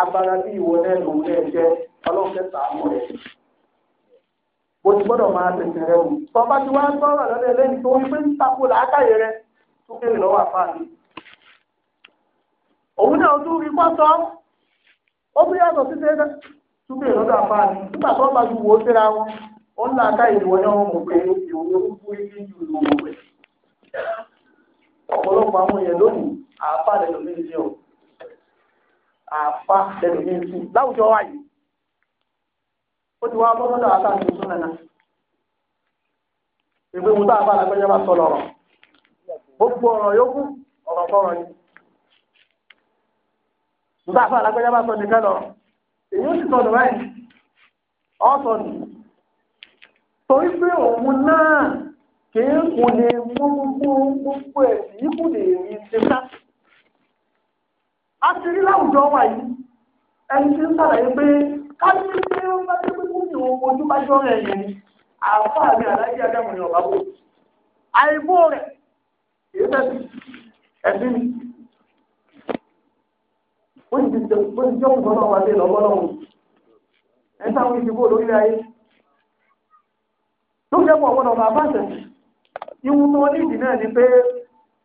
agbára bí ìwọ náà lòun náà jẹ́ ọlọ́run kẹta àmọ́ ẹ̀. o ti gbọ́dọ̀ máa tẹ̀sẹ̀ rẹ o. tọ́ba ti wá sọ̀rọ̀ lọ́dẹ lẹ́ni tó ń gbé ń làákàyè rẹ tó lọ́wọ́ mi. òun náà tún rí pọ́sọ́ ó bí yàtọ̀ sí tó lọ́dọ̀ mi. nígbà tó ju síra wọn ó ń làákàyè ìwọ náà mọ̀ pé ìwọ kú ilé ju àfa lẹ́nu ní ìtú láwùjọ wa yìí ó ti wá bọ́ lọ́dọ̀ àtàkùn ìtúnú náà ìgbé mu tá a bá lágbẹ́jọ́ bá sọ lọ́rọ̀ gbogbo ọ̀rọ̀ yókù ọ̀rọ̀ kọ́rọ̀ ni mo tá a bá lágbẹ́jọ́ bá sọ nìkan lọ èyí ó sì sọ̀rọ̀ báyìí ọ̀sọ̀ nì torí pé òun náà kì í kò lè mú gbogbo gbogbo ẹ̀sìn yìí kò lè rí ṣe ká a ti rí láwùjọ wa yìí ẹni tí ń sàlàyé pé kájú pé ó bá dé pípú ní ojú bá jọ rẹ̀ yẹn àáfàá mi àlájì adámọ̀ ni ọ̀bá wò àìbó rẹ̀ èyí fẹ́ ẹ̀sìn mi ó ti jẹ́ òǹtọ́ náà wà lé lọ́wọ́ náà ẹ̀ sáwọn ìdìbò lórí ayé ló jẹ́ pọ̀ wọ́n ọba abáṣẹ ìwúmọ́ onídìí náà ni pé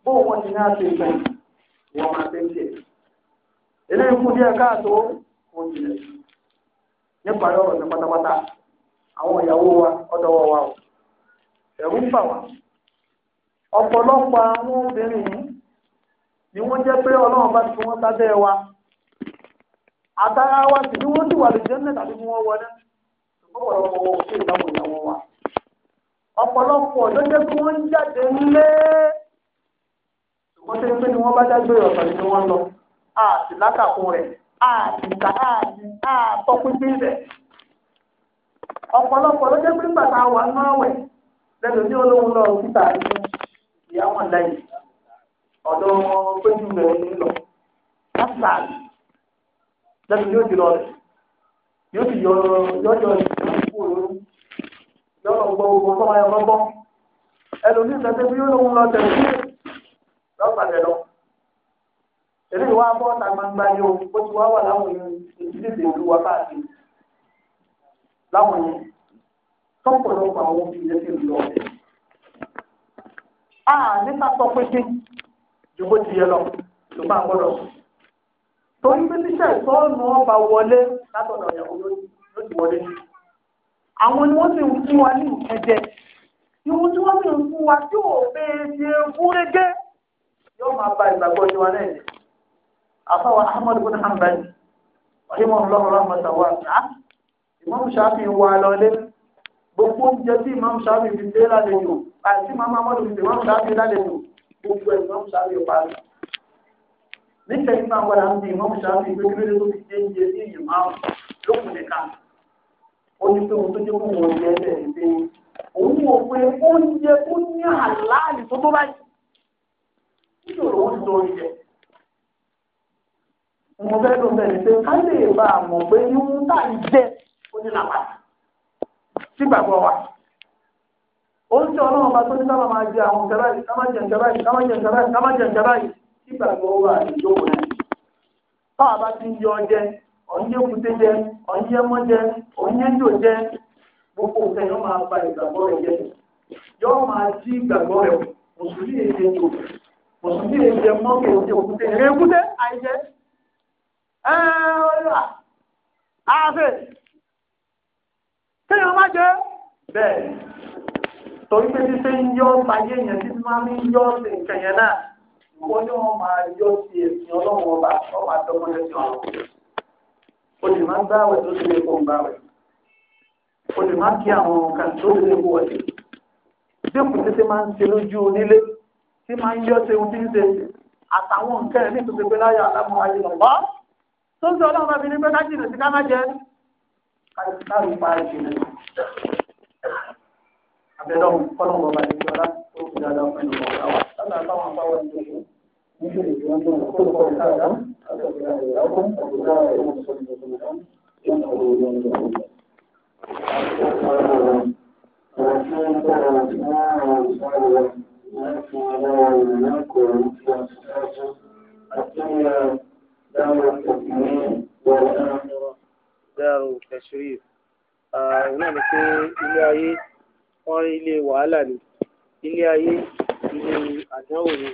bó wọn ti ní àti ìgbà wọn máa fẹ́ ṣe. eléyìí kú díẹ̀ káàtó wọn jìnà nípa ọ̀rọ̀ ní pátápátá àwọn ìyàwó wa ọ̀dọ́wọ́ wa o ẹ̀rù ń bà wá ọpọlọpọ àwọn obìnrin yìí ni wọ́n jẹ́ pé ọlọ́run bá ti wọ́n wa àtàrà wa sì ni wọ́n ti wà lè wọn wọlé wọn ìyàwó wa ló pé ni bá àti látàkùn rẹ̀ àti ìta àti àtọ́pínpín rẹ̀. ọ̀pọ̀lọpọ̀ ló jẹ́ pé wà ní lẹ́nu ní lọ lẹ́yìn ọ̀dọ́ péjú rẹ̀ lọ lẹ́nu lọ rẹ̀ yóò ti yọ yọjọ ìkú òru gbọ gbogbo tọ́wọ́ ẹ̀rọ gbọ́ ẹlòmíì sẹ́sẹ́ bí yóò lóhùn lọ èmi ìwà bọ́ ọ̀tà gbangba yìí o ó ti wá wà láwọn ìdílé olúwa káàkiri láwọn yẹn tọ́pọ̀lọpọ̀ àwọn ìdílé ti lọ ọ̀bẹ. a nípa sọ pé kí ju bó ti yẹ lọ ló máa gbọ́dọ̀ torí pé tíṣẹ́ ìtọ́nù ọba wọlé látọ̀dọ̀ ìyàwó ló ti wọlé àwọn ni wọ́n sì ń fún wa ní ìkẹjẹ ìwọ tí wọ́n sì ń fún wa tí òfin ti ń fún régé yóò máa ba ìgbàgbọ́ ìwà náà jẹ́ àfáwọn ahmed bin hanbal ọ̀hìnmọ̀ ọlọ́run rahmat awa ṣá imam shafi wà lọlé gbogbo oúnjẹ tí imam shafi fi dé lálejò àti imam ahmed fi dé imam shafi lálejò gbogbo ẹ̀ imam shafi parí níkẹ́ nípa padà ń di imam shafi pé kí ló fi dé oúnjẹ ní imam lókun nìkan ó ní pé òun tó jẹ́ kóun ọ̀jẹ́ ẹ̀ ẹ̀ pé òun wò pé oúnjẹ tó ní àlàálì tó tó báyìí nítorí òun tó ń jẹ. mo fẹ́ ló bẹ̀rẹ̀ pé ká lè bá a mọ̀ pé irú tá à ń jẹ́ onílàpàtì sígbàgbọ́ wa. ó ń sọ ọlọ́run bá tó ní sábà máa jẹ àwọn ìjọba yìí ká má jẹ ìjọba yìí ká má jẹ ìjọba yìí ká má jẹ yìí wa ìjókòó rẹ̀. bá ti ń yọ ọ̀nyẹ́ jẹ ọ̀nyẹ́ mọ́ jẹ ọ̀nyẹ́ jò jẹ gbogbo yóò ààfẹ́ kí èèyàn má jẹ́ bẹ́ẹ̀ torí pé tí ṣe ń yọ́ báyé èèyàn tí máa ń yọ́ sí nǹkan yẹn náà wọ́n ní wọ́n máa yọ́ sí ẹ̀sìn ọlọ́run ọba ọba àtọ́kọ́ lẹ́sìn ọ̀run o lè má gbáwẹ̀ tó ti lè kó ń o lè má kí àwọn kan tó ti lè kó wọlé dípò tí ṣe máa ń ṣe lójú onílé tí máa ń yọ́ sí ohun tí ń ṣe àtàwọn nǹkan ẹ̀ ní ìtòsí pé láyà alámọ̀ ayé lọ́wọ́ tó ń sọ ọlọ́run bá fi ní pé ká jìnà sí ká má jẹ káàrù pa ìjìnà àbẹ̀lọ́ kọ́lọ́mù ọba ìjọ ọlá tó fi dáadáa fún ẹnu ọ̀gá wa sábà báwọn bá wọn ní ìlú nígbà tí wọ́n tó ń kó lọ́kọ́ ìsáàdá àti ọ̀gá ìyá ọkọ̀ ọ̀gá ìyá ọkọ̀ Thank you. دار التكوين والآخرة دار التشريف òun náà ni pé ilé ayé wọ́n rí ilé wàhálà ni ilé ayé ilé àdánwò ni